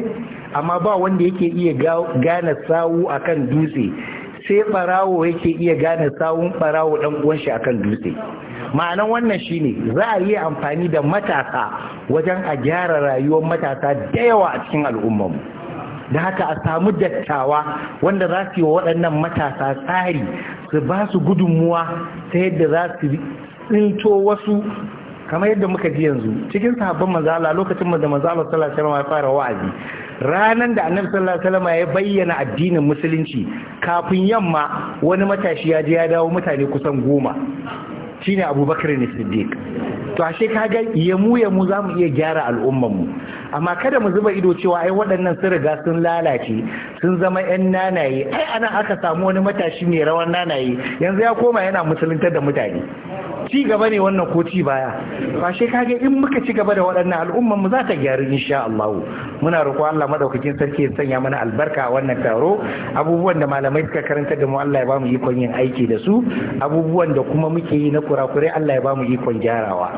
amma ba wanda yake iya gane sawu akan dutse sai barawo yake iya gane sawun barawo dan uwan shi akan dutse ma'anan wannan shine za a yi amfani da matasa wajen a gyara rayuwar matasa da yawa a cikin al'ummar da haka a samu dattawa wanda za su yi wa waɗannan matasa tsari su ba su gudunmuwa ta yadda za su tsinto wasu kamar yadda muka ji yanzu cikin sahabban mazala lokacin da mazala sallallahu alaihi wasallam ya fara wa'azi ranan da annabi sallallahu alaihi wasallam ya bayyana addinin musulunci kafin yamma wani matashi ya je ya dawo mutane kusan goma shine abubakar ne siddiq to ashe kaga yamu yamu zamu iya gyara al'ummar mu amma kada mu zuba ido cewa ai waɗannan sun riga sun lalace sun zama yan nanaye ai ana aka samu wani matashi mai rawan nanaye yanzu ya koma yana musuluntar da mutane ci gaba ne wannan ko ci baya ba shi kage in muka ci gaba da waɗannan al'umma mu za ta gyaru insha Allah muna roƙo Allah madaukakin sarki ya sanya mana albarka a wannan taro abubuwan da malamai suka karanta da mu Allah ya bamu ikon yin aiki da su abubuwan da kuma muke yi na kurakure Allah ya bamu ikon gyarawa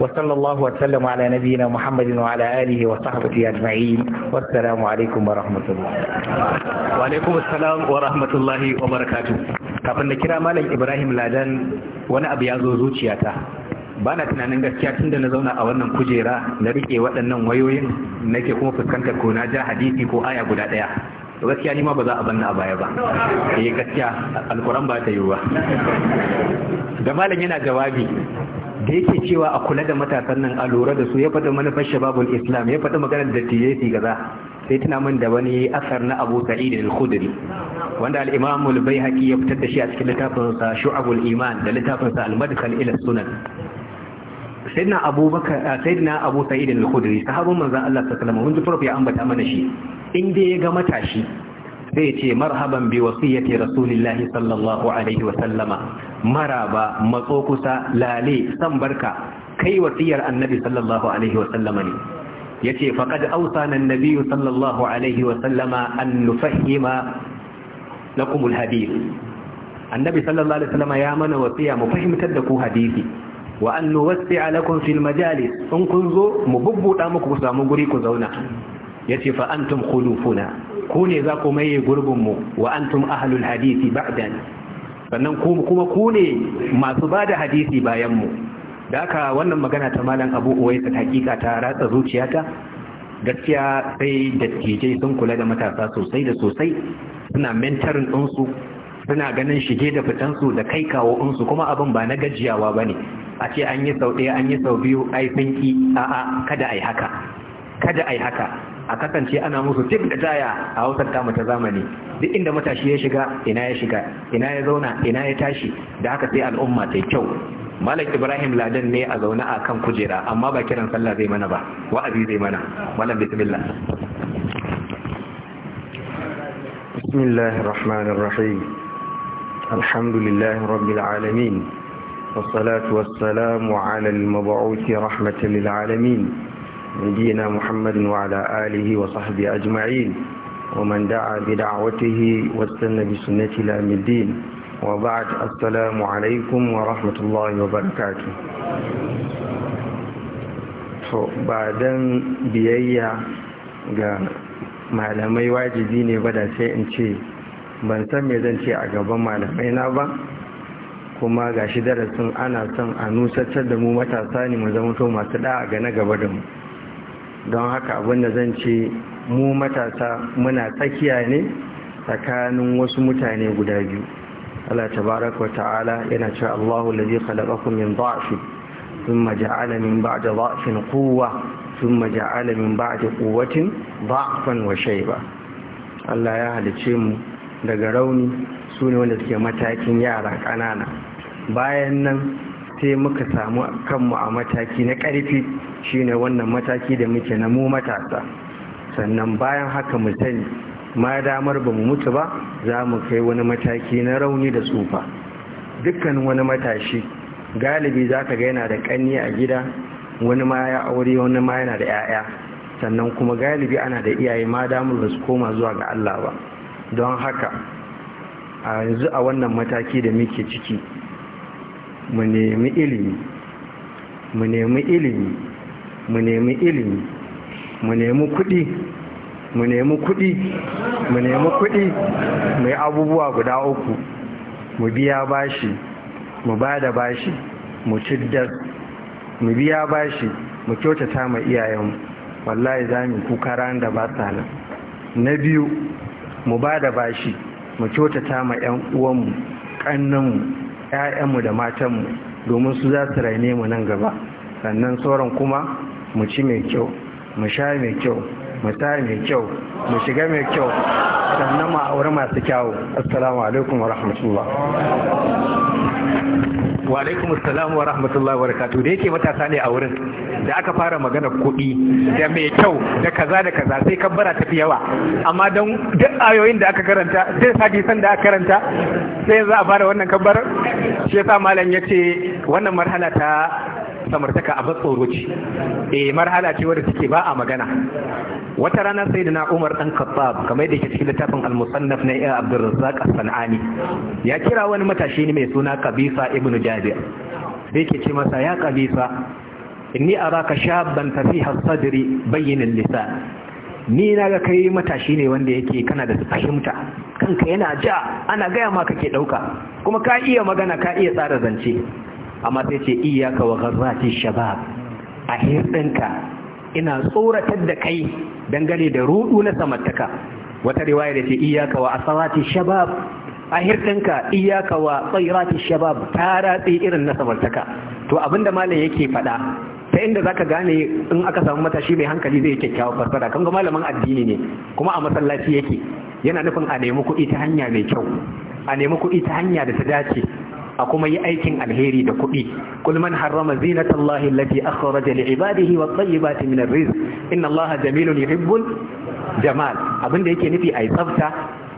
wa sallallahu wa sallama ala nabiyina Muhammadin wa ala alihi وصحبته أجمعين والسلام عليكم ورحمة الله وعليكم السلام ورحمة الله وبركاته kafin na kira malam ibrahim ladan wani abu ya zo zuciyata ba na tunanin gaskiya tun da na zauna a wannan kujera na rike waɗannan wayoyin nake kuma fuskantar ko na ja hadisi ko aya guda ɗaya gaskiya ni ma ba za a banna a baya ba eh gaskiya alkuran ba ta yi ba da malam yana jawabi da yake cewa a kula da matasan nan a lura da su ya faɗi manufar shababul islam ya faɗi maganar da tiyesi gaza sai tuna min da wani asar na abu sa'id al-khudri wanda al-imam al bayhaqi ya fitar da shi a cikin littafin sa shu'abul iman da littafin sa al-madkhal ila sunan sayyidina abubakar sayyidina abu sa'id al-khudri sahabban manzon Allah sallallahu alaihi wasallam wanda prof ya ambata mana shi in dai ya ga matashi zai ce marhaban bi wasiyyati rasulillahi sallallahu alaihi wa sallama maraba matso kusa lale san barka kai wasiyar annabi sallallahu alaihi wa sallama ne yace faqad awsana an-nabi sallallahu alaihi wa sallama an nufahima lakum al-hadith annabi sallallahu alaihi wa sallama ya mana wasiya mu fahimtar da ku hadisi wa an nuwassi'a lakum fil majalis in kun zo mu bubbuda muku ku samu guri ku zauna yace fa antum khulufuna ku ne za ku maye gurbinmu wa antum ahlul hadisi ba'dan sannan kuma ku ne masu ba da hadisi bayanmu da aka wannan magana ta malam abu uwaisa hakika ta ratsa zuciyata gaskiya sai dattijai sun kula da matasa sosai da sosai suna mentarin ɗinsu suna ganin shige da fitansu da kai kawo ɗinsu kuma abin ba na gajiyawa ba ne a ce an yi sau ɗaya an yi sau biyu ai sun ki a'a kada ai haka kada ai haka a kasance ana musu tif da taya a hausar kama ta zamani duk inda matashi ya shiga ina ya shiga ina ya zauna ina ya tashi da haka sai al'umma ta kyau Malam Ibrahim Ladan ne a zaune a kan kujera amma ba kiran sallah zai mana ba wa'azi zai mana Malam bismillah Bismillahir Rahmanir Alamin والصلاة والسلام على المبعوث رحمة للعالمين نبينا محمد وعلى آله وصحبه أجمعين ومن دعا بدعوته واستنى بسنة لام الدين وبعد السلام عليكم ورحمة الله وبركاته بعدن بيayya ga malamai wajibi ne ba da sai in ce ban san me zan ce a gaban malamai na ba kuma gashi darasin ana son a nusatar da mu matasa ne mu zama to masu da'a ga na gaba da mu don haka abin da zan ce mu matasa muna tsakiya ne tsakanin wasu mutane guda biyu Allah tabaraka wa ta'ala yana cewa Allahu lazi khalaqakum min da'fi thumma ja'ala min ba'di da'fin quwwa thumma ja'ala min ba'di quwwatin da'fan wa shayba Allah ya halice mu daga rauni sune wanda suke matakin yara kanana bayan nan sai muka samu kanmu a mataki na ƙarfi shine wannan mataki da muke na mu matasa sannan bayan haka mu sani ma damar ba mu mutu ba za mu kai wani mataki na rauni da tsufa dukkan wani matashi galibi za ka ga yana da ƙanni a gida wani ma ya aure wani ma yana da 'ya'ya sannan kuma galibi ana da iyaye ma damar ba su koma zuwa ga Allah ba don haka a yanzu a wannan mataki da muke ciki mu nemi ilimi mu nemi ilimi mu nemi ilimi mu nemi kuɗi mu nemi kudi mu nemi kudi mai abubuwa guda uku mu biya bashi mu ba da bashi mu ciddar mu biya bashi mu kyautata ma iyayenmu wallahi za mu kuka ran da ba sa nan na biyu mu ba da bashi mu kyautata ma 'yan uwanmu ƙannanmu 'ya'yanmu da matanmu domin su za su raine mu nan gaba sannan sauran kuma mu ci mai kyau mu sha mai kyau mu sa mai kyau mu shiga mai kyau sannan mu aure masu kyawu assalamu alaikum wa rahmatullah wa salamu wa rahmatullahi wa barakatuh da yake matasa ne a wurin da aka fara magana kuɗi da mai kyau da kaza da kaza sai kabbara tafi yawa amma don duk ayoyin da aka karanta duk hadisan da aka karanta sai yanzu a fara wannan kabbarar shi yasa malam ya ce wannan marhala ta samartaka a batsoro ce eh marhala ce wadda take ba a magana wata rana sai da na Umar dan Khattab kamar yadda yake cikin littafin al-musannaf na Iya eh, Abdul Razzaq As-Sanani ya kira wani matashi ne mai suna Qabisa ibn Jabir sai yake ce masa ya Qabisa inni araka shabban fasiha sadri bayyin al-lisan ni na ga kai matashi ne wanda yake kana da fahimta kanka yana ja ana gaya ma kake dauka kuma ka iya magana ka iya tsara zance amma sai ce iyaka wa gharrati shabab a hirɗinka ina tsoratar da kai dangane da rudu na samartaka wata riwaya da ce iyaka wa asawati shabab a hirɗinka iyaka wa tsairati shabab ta ratsi irin na samartaka to abinda malam yake faɗa ta inda zaka gane in aka samu matashi mai hankali zai kyakkyawa farfara kan ga malamin addini ne kuma a masallaci yake yana nufin a nemi kuɗi ta hanya mai kyau a nemi kuɗi ta hanya da ta dace a kuma yi aikin alheri da kuɗi kul man harrama zinata Allah allati akhraja li ibadihi wat tayyibati min ar-rizq inna allaha jamilun yuhibbul jamal abinda yake nufi ai tsafta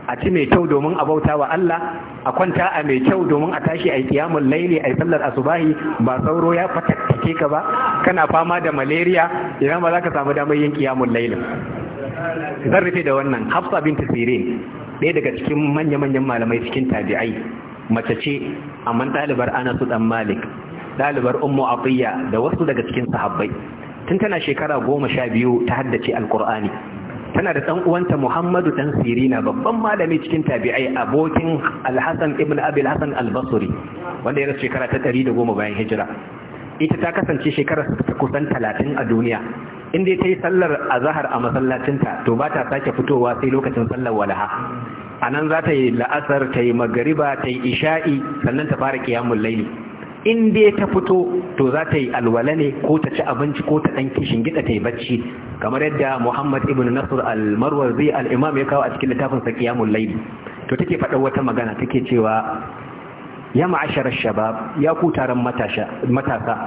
a ci mai kyau domin a bauta wa Allah a kwanta a mai kyau domin a tashi a yi kiyamun laili a sallar asubahi ba sauro ya fatattake ka ba kana fama da malaria idan ba za ka samu damar yin kiyamun laili zan rufe da wannan hafsa binta tasirin ɗaya daga cikin manya-manyan malamai cikin tabi'ai mace ce amma ɗalibar Anas dan Malik ɗalibar Ummu Atiyya da wasu daga cikin sahabbai tun tana shekara goma sha biyu ta haddace alkur'ani tana da ɗan uwanta Muhammadu ɗan Sirina babban malami cikin tabi'ai abokin Al-Hasan ibn Abi Al-Hasan Al-Basri wanda ya shekara ta ɗari da goma bayan hijira ita ta kasance shekarar ta kusan talatin a duniya Inda ta yi sallar azahar a masallacinta to ba ta sake fitowa sai lokacin sallar walaha a nan za ta yi la'asar ta yi magariba ta yi isha'i sannan ta fara kiyamun laili in dai ta fito to za ta yi alwala ne ko ta ci abinci ko ta ɗan kishin gida ta yi bacci kamar yadda muhammad ibn nasr al zai al'imam ya kawo a cikin sa kiyamun laili to take faɗa wata magana take cewa ya ma'ashar shabab ya ku taron matasa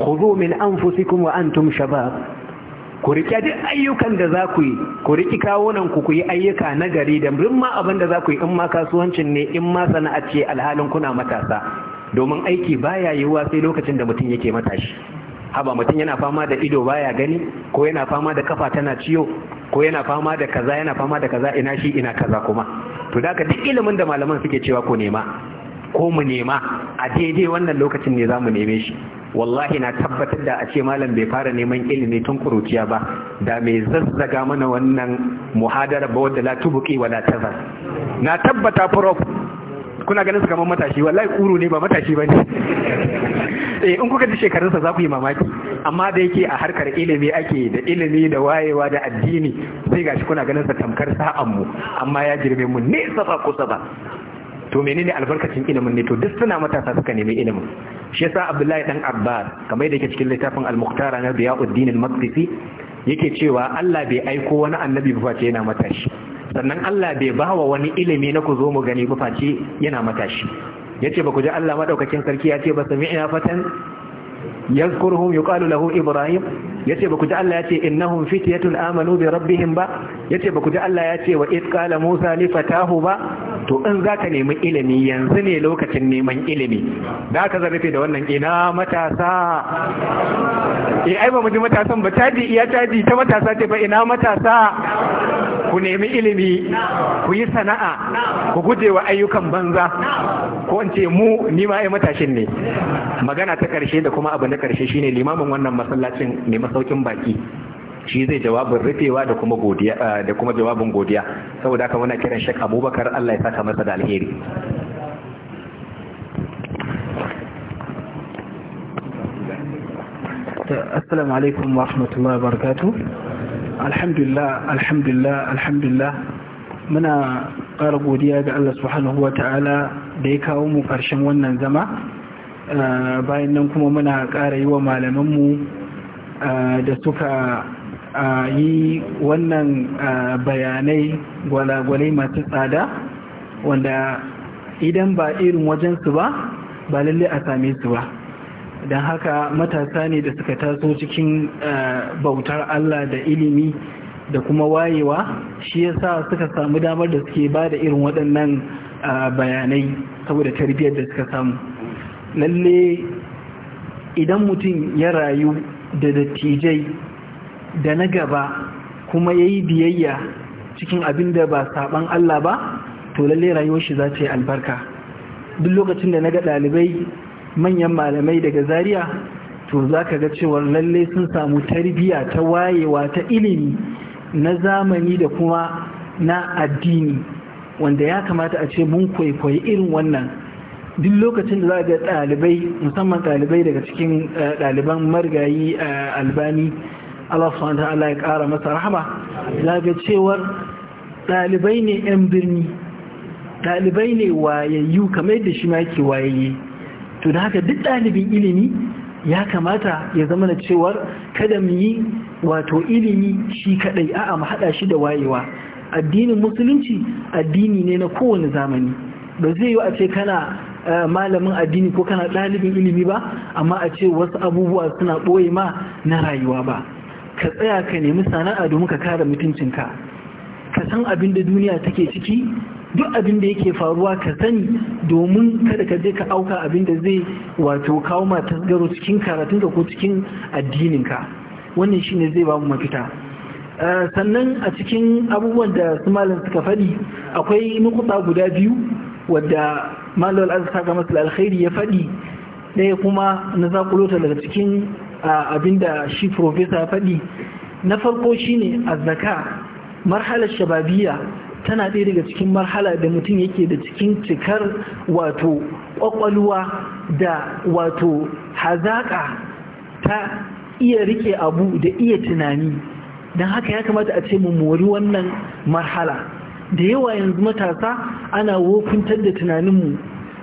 khudhu min anfusikum wa antum shabab ku riƙe duk ayyukan da za ku yi ku riƙi kawunan ku ku yi ayyuka na gari da duk ma abin da za ku yi in ma kasuwancin ne in ma sana'a ce alhalin kuna matasa domin aiki baya yiwuwa sai lokacin da mutum yake matashi haba mutum yana fama da ido baya gani ko yana fama da kafa tana ciyo ko yana fama da kaza yana fama da kaza ina shi ina kaza kuma to da duk ilimin da malaman suke cewa ku nema ko mu nema a daidai wannan lokacin ne za mu neme shi wallahi na tabbatar da a ce malam bai fara neman ilimi tun kuruciya ba da mai zazzaga mana wannan muhadara ba wadda la tubuki wa la tazar na tabbata prof kuna ganin su kamar matashi wallahi kuru ne ba matashi ba ne eh in kuka ji shekarunsa za ku yi mamaki amma da yake a harkar ilimi ake da ilimi da wayewa da addini sai gashi kuna ganin sa tamkar sa'an mu amma ya girme mu ne safa kusa ba. to menene albarkacin ilimin ne to duk suna matasa suka nemi ilimin shi yasa abdullahi dan abbas kamar yake cikin littafin al-muqtara na riyauddin al-maqdisi yake cewa Allah bai aiko wani annabi ba face yana matashi sannan Allah bai bawa wani ilimi na ku zo mu gani ba face yana matashi yace ba ku ji Allah madaukakin sarki ya ce ba sami'na fatan yazkuruhum yuqalu lahu ibrahim yace ba ku ji Allah yace innahum fityatun amanu bi rabbihim ba yace ba ku ji Allah yace wa Iskala musa li fatahu ba to in za ka nemi ilimi yanzu ne lokacin neman ilimi da ka zarafi da wannan ina matasa e ai ba mu ji matasan ba caji iya caji ta matasa ce ba ina matasa ku nemi ilimi ku yi sana'a ku guje wa ayyukan banza ko in ce mu ni ma ai matashin ne magana ta karshe da kuma abu na karshe shine limamin wannan masallacin ne masaukin baki shi zai jawabin rufewa da kuma godiya eh, da kuma jawabin godiya saboda haka muna kiran Sheikh Abubakar Allah ya saka masa da alheri assalamu alaikum wa rahmatullahi wa barakatuh alhamdulillah alhamdulillah alhamdulillah muna ƙara godiya ga Allah subhanahu wa ta'ala da ya kawo mu ƙarshen wannan zama eh, bayan nan kuma muna ƙara yi wa malamanmu eh, da suka a yi wannan bayanai gwalagwalai masu tsada wanda idan ba irin wajensu ba ba lalle a same su ba don haka matasa ne da suka taso cikin bautar Allah da ilimi da kuma wayewa shi yasa suka samu damar da suke ba da irin waɗannan bayanai saboda tarbiyyar da suka samu lalle idan mutum ya rayu da dattijai da na gaba kuma ya yi biyayya cikin abin da ba saɓan Allah ba to lalle rayuwar shi za ta yi albarka duk lokacin da na ga ɗalibai manyan malamai daga Zariya, to za ka ga cewar lalle sun samu tarbiyya ta wayewa ta ilimi na zamani da kuma na addini wanda ya kamata a ce mun kwaikwayi irin wannan duk lokacin da za ga ɗalibai musamman ɗalibai daga cikin eh, ɗaliban marigayi eh, albani Allah ta'ala ya ƙara masa rahama zaga cewar ɗalibai ne 'yan birni ɗalibai ne wayayyu kamar yadda shi ma ake wayayye to da haka duk ɗalibin ilimi ya kamata ya zama na cewar kada mu yi wato ilimi shi kaɗai. a'a mu haɗa shi da wayewa addinin musulunci addini ne na kowane zamani ba zai yi a ce kana eh, malamin addini ko kana ɗalibin ilimi ba amma a ce wasu abubuwa suna ɓoye ma na rayuwa ba ka tsaya ka nemi sana'a domin ka kare mutuncinka ka san abin da duniya take ciki duk abin da yake faruwa ka sani domin kada ka je ka auka abin da zai wato kawo ma tasgaro cikin karatunka ko cikin addininka wannan shine zai ba mu mafita eh, sannan a cikin abubuwan da su malam suka faɗi akwai nukuta guda biyu wadda malam al'azza ga masu alkhairi ya faɗi ɗaya kuma na zakulota daga cikin abinda shi profesa faɗi na farko shi ne a zaka. marhalar shababiya tana ɗaya daga cikin marhala da mutum yake da cikin cikar wato ƙwaƙwalwa da wato hazaƙa ta iya rike abu da iya tunani don haka ya kamata a ce mu mori wannan marhala da yawa yanzu matasa ana wofintar da tunaninmu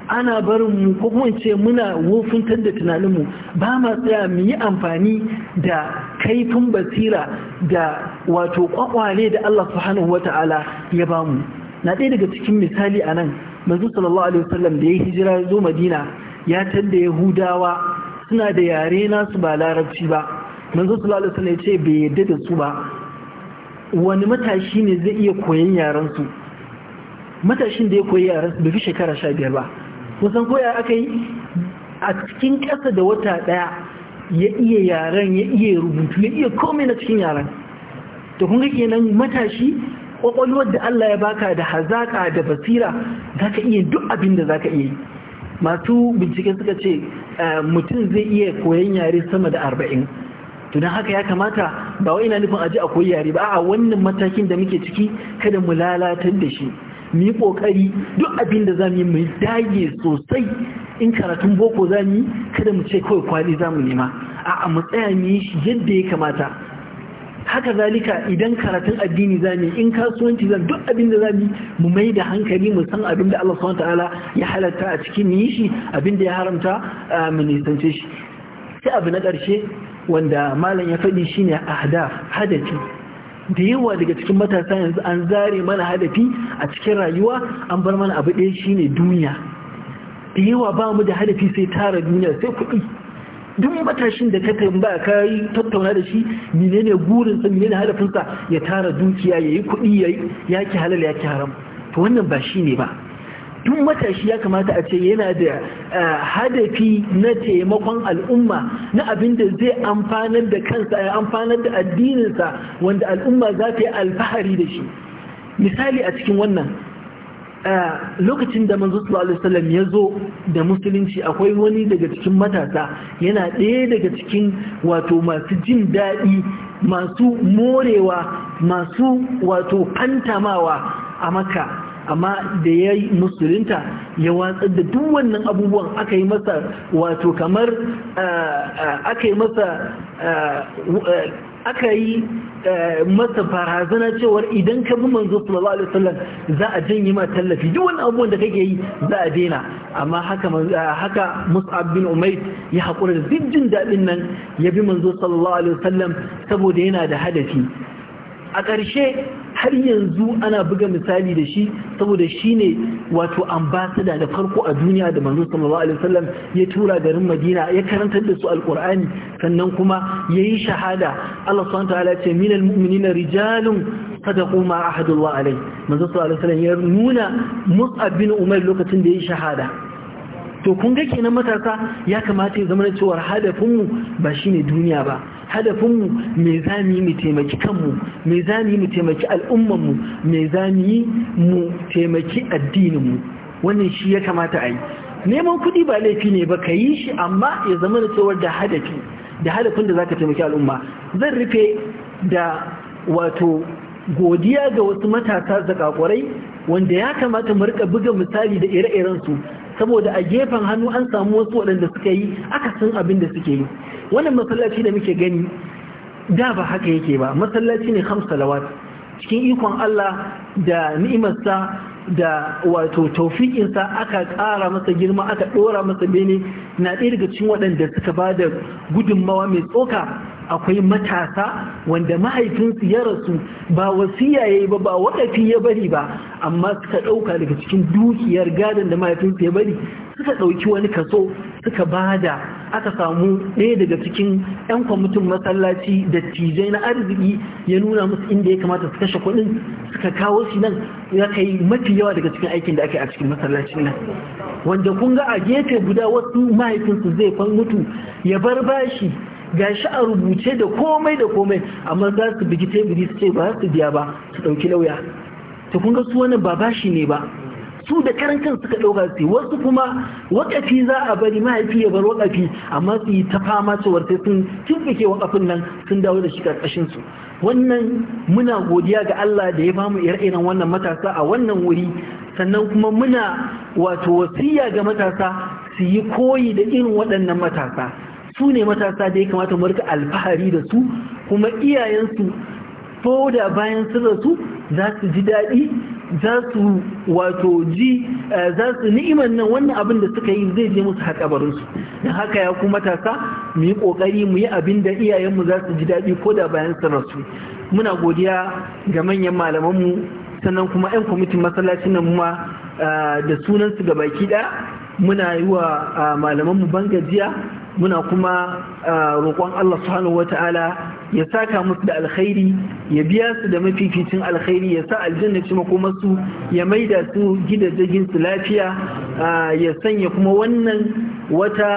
ana barin mu ko kuma ce muna wofintar da tunanin mu ba ma tsaya mu yi amfani da kaifin basira da wato kwakwale da Allah subhanahu wata'ala ya bamu na ɗaya daga cikin misali a nan manzo sallallahu alaihi wasallam da ya hijira zo madina ya tanda yahudawa suna da yare nasu ba larabci ba manzo sallallahu alaihi wasallam ya ce bai yadda da su ba wani matashi ne zai iya koyan yaran su matashin da ya koyi yaran su bai fi shekara sha biyar ba kusan koya aka yi a cikin ƙasa da wata ɗaya ya iya yaren ya iya rubutu ya iya komai na cikin yaren da kun ga kenan matashi ƙwaƙwalwar da Allah ya baka da hazaƙa da basira za ka iya duk abin da za ka iya masu bincike suka ce eh, mutum zai iya koyan yare sama da arba'in tunan haka ya kamata ba wa ina nufin aji a koyi yare ba a wannan matakin da muke ciki kada mu lalatar da shi mu yi kokari duk abin da zamu yi mu dage sosai in karatun boko zamu yi kada mu ce kawai kwali zamu nema a'a mu tsaya mu yi yadda ya kamata haka zalika idan karatun addini zamu yi in kasuwanci zamu duk abin da zamu yi mu mai da hankali mu san abin da Allah subhanahu ya halatta a cikin mu yi shi abin da ya haramta mu nisance shi sai abu na ƙarshe wanda malam ya faɗi shine ahdaf hadafi da yawa daga cikin matasa yanzu an zare mana hadafi a cikin rayuwa an bar mana abu ɗaya shine duniya da yawa ba mu da hadafi sai tara duniya sai kuɗi duk matashin da ka tambaya ka yi tattauna da shi menene mine ne hadafinsa ya tara dukiya ya yi kuɗi ya yaki halal yaki haram to wannan ba shi ne ba duk matashi ya kamata a ce yana da eh, hadafi na taimakon al'umma na abin da zai amfanar da kansa ya amfanar da addininsa wanda al'umma za ta yi alfahari da shi misali a cikin wannan eh, lokacin da manzo sallallahu alaihi ya zo da musulunci akwai wani daga cikin matasa yana ɗaya daga cikin wato masu jin daɗi masu morewa masu wato kantamawa a makka amma da ya yi musulunta ya watsar da duk wannan abubuwan aka yi masa wato kamar eh, eh, aka yi masa eh, aka yi masa barazana cewar idan ka bi manzo sallallahu alaihi wasallam za a janye ma tallafi duk wani abubuwan da kake yi za a daina amma haka haka Mus'ab bin Umayd ya hakura da jin dadin nan ya bi manzo sallallahu alaihi wasallam saboda yana da hadafi a ƙarshe har yanzu ana buga misali da shi saboda shi ne wato ambasada da farko a duniya da manzo sallallahu alaihi wasallam ya tura garin Madina ya karantar da su alqur'ani sannan kuma yayi shahada Allah subhanahu wataala ce minal mu'minina rijalun sadaqu ma allah alai manzo sallallahu alaihi wasallam ya nuna Mus'ab bin Umar lokacin da yayi shahada to kun ga kenan matasa ya kamata ya zama cewa hadafinmu ba shine duniya ba hadafinmu me za mu yi mu taimaki kanmu mai za mu yi mu taimaki al'ummanmu me za mu yi mu taimaki addininmu wannan shi ya kamata a yi neman kuɗi ba laifi ne ba ka yi shi amma ya zama da tsawar da hadafi da hadafin da za ka taimaki al'umma zan rufe da wato godiya ga wasu matasa zakakwarai wanda ya kamata mu rika buga misali da ire-irensu saboda a gefen hannu an samu wasu waɗanda suka yi aka san abin da suke yi wannan masallaci da muke gani da ba haka yake ba masallaci ne hamsa lawat cikin ikon Allah da ni'imarsa da wato taufikinsa aka ƙara masa girma aka ɗora masa bene na ɗaya daga cikin waɗanda suka ba da gudunmawa mai tsoka akwai matasa wanda mahaifinsu ya rasu ba wasiya yi ba ba waɗafi ya bari ba amma suka ɗauka daga cikin dukiyar gadon da mahaifinsu ya bari suka ɗauki wani kaso suka ba da aka samu ɗaya daga cikin 'yan kwamitin masallaci da tijai na arziki ya nuna musu inda ya kamata su kashe kuɗin suka kawo shi nan ya kai mafi yawa daga cikin aikin da ake a cikin masallacin nan wanda kun ga a gefe guda wasu mahaifinsu zai fan mutu ya bar bashi gashi a rubuce da komai da komai amma za su bigi teburi su ce ba su biya ba su ɗauki lauya ta kun ga su wani ba bashi ne ba su da karancin suka ɗauka su wasu kuma wakafi za a bari mahaifi ya bar wakafi amma su yi ta fama cewar sai sun tumɓuke wakafin nan sun dawo da shi ƙarƙashin su wannan muna godiya ga Allah da ya bamu ire-iren wannan matasa a wannan wuri sannan kuma muna wato wasiya ga matasa su yi koyi da irin waɗannan matasa su ne matasa da ya kamata mu rika alfahari da su kuma iyayensu ko da bayan sun rasu za su ji daɗi za su wato ji eh, za su ni'iman nan wannan abin da suka yi zai je musu haƙabarinsu Dan haka ya kuma matasa mu yi ƙoƙari mu yi abin da iyayenmu za su ji daɗi ko da bayan sun rasu muna godiya ga manyan malamanmu sannan kuma 'yan kwamitin masallacin nan ma eh, da sunansu ga baki ɗaya muna yi wa eh, malamanmu ban gajiya muna kuma roƙon Allah subhanahu wata'ala ya saka musu da alkhairi ya biya su da mafificin alkhairi ya sa aljanna ci su ya maida su gidajen su lafiya ya sanya kuma wannan wata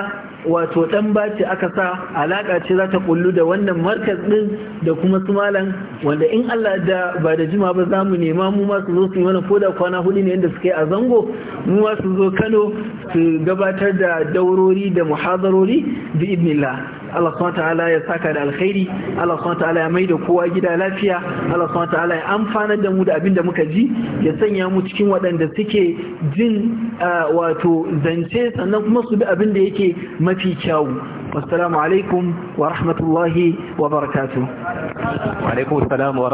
wato dan baci aka sa alaka ce za ta kullu da wannan markaz din da kuma su malam wanda in Allah da ba da jima ba za mu nema mu ma su zo su yi mana ko da kwana hudu ne yadda suka yi a zango mu ma su zo Kano su gabatar da daurori da muhazarori bi idnillah Allah subhanahu ta'ala ya saka da alkhairi Allah subhanahu ta'ala ya maida kowa gida lafiya Allah subhanahu ta'ala ya amfanar da mu da abin da muka ji ya sanya mu cikin waɗanda suke jin wato zance sannan kuma su bi abin da yake mafi kyawu wassalamu alaikum wa rahmatullahi wa barakatuh wa alaikum assalam wa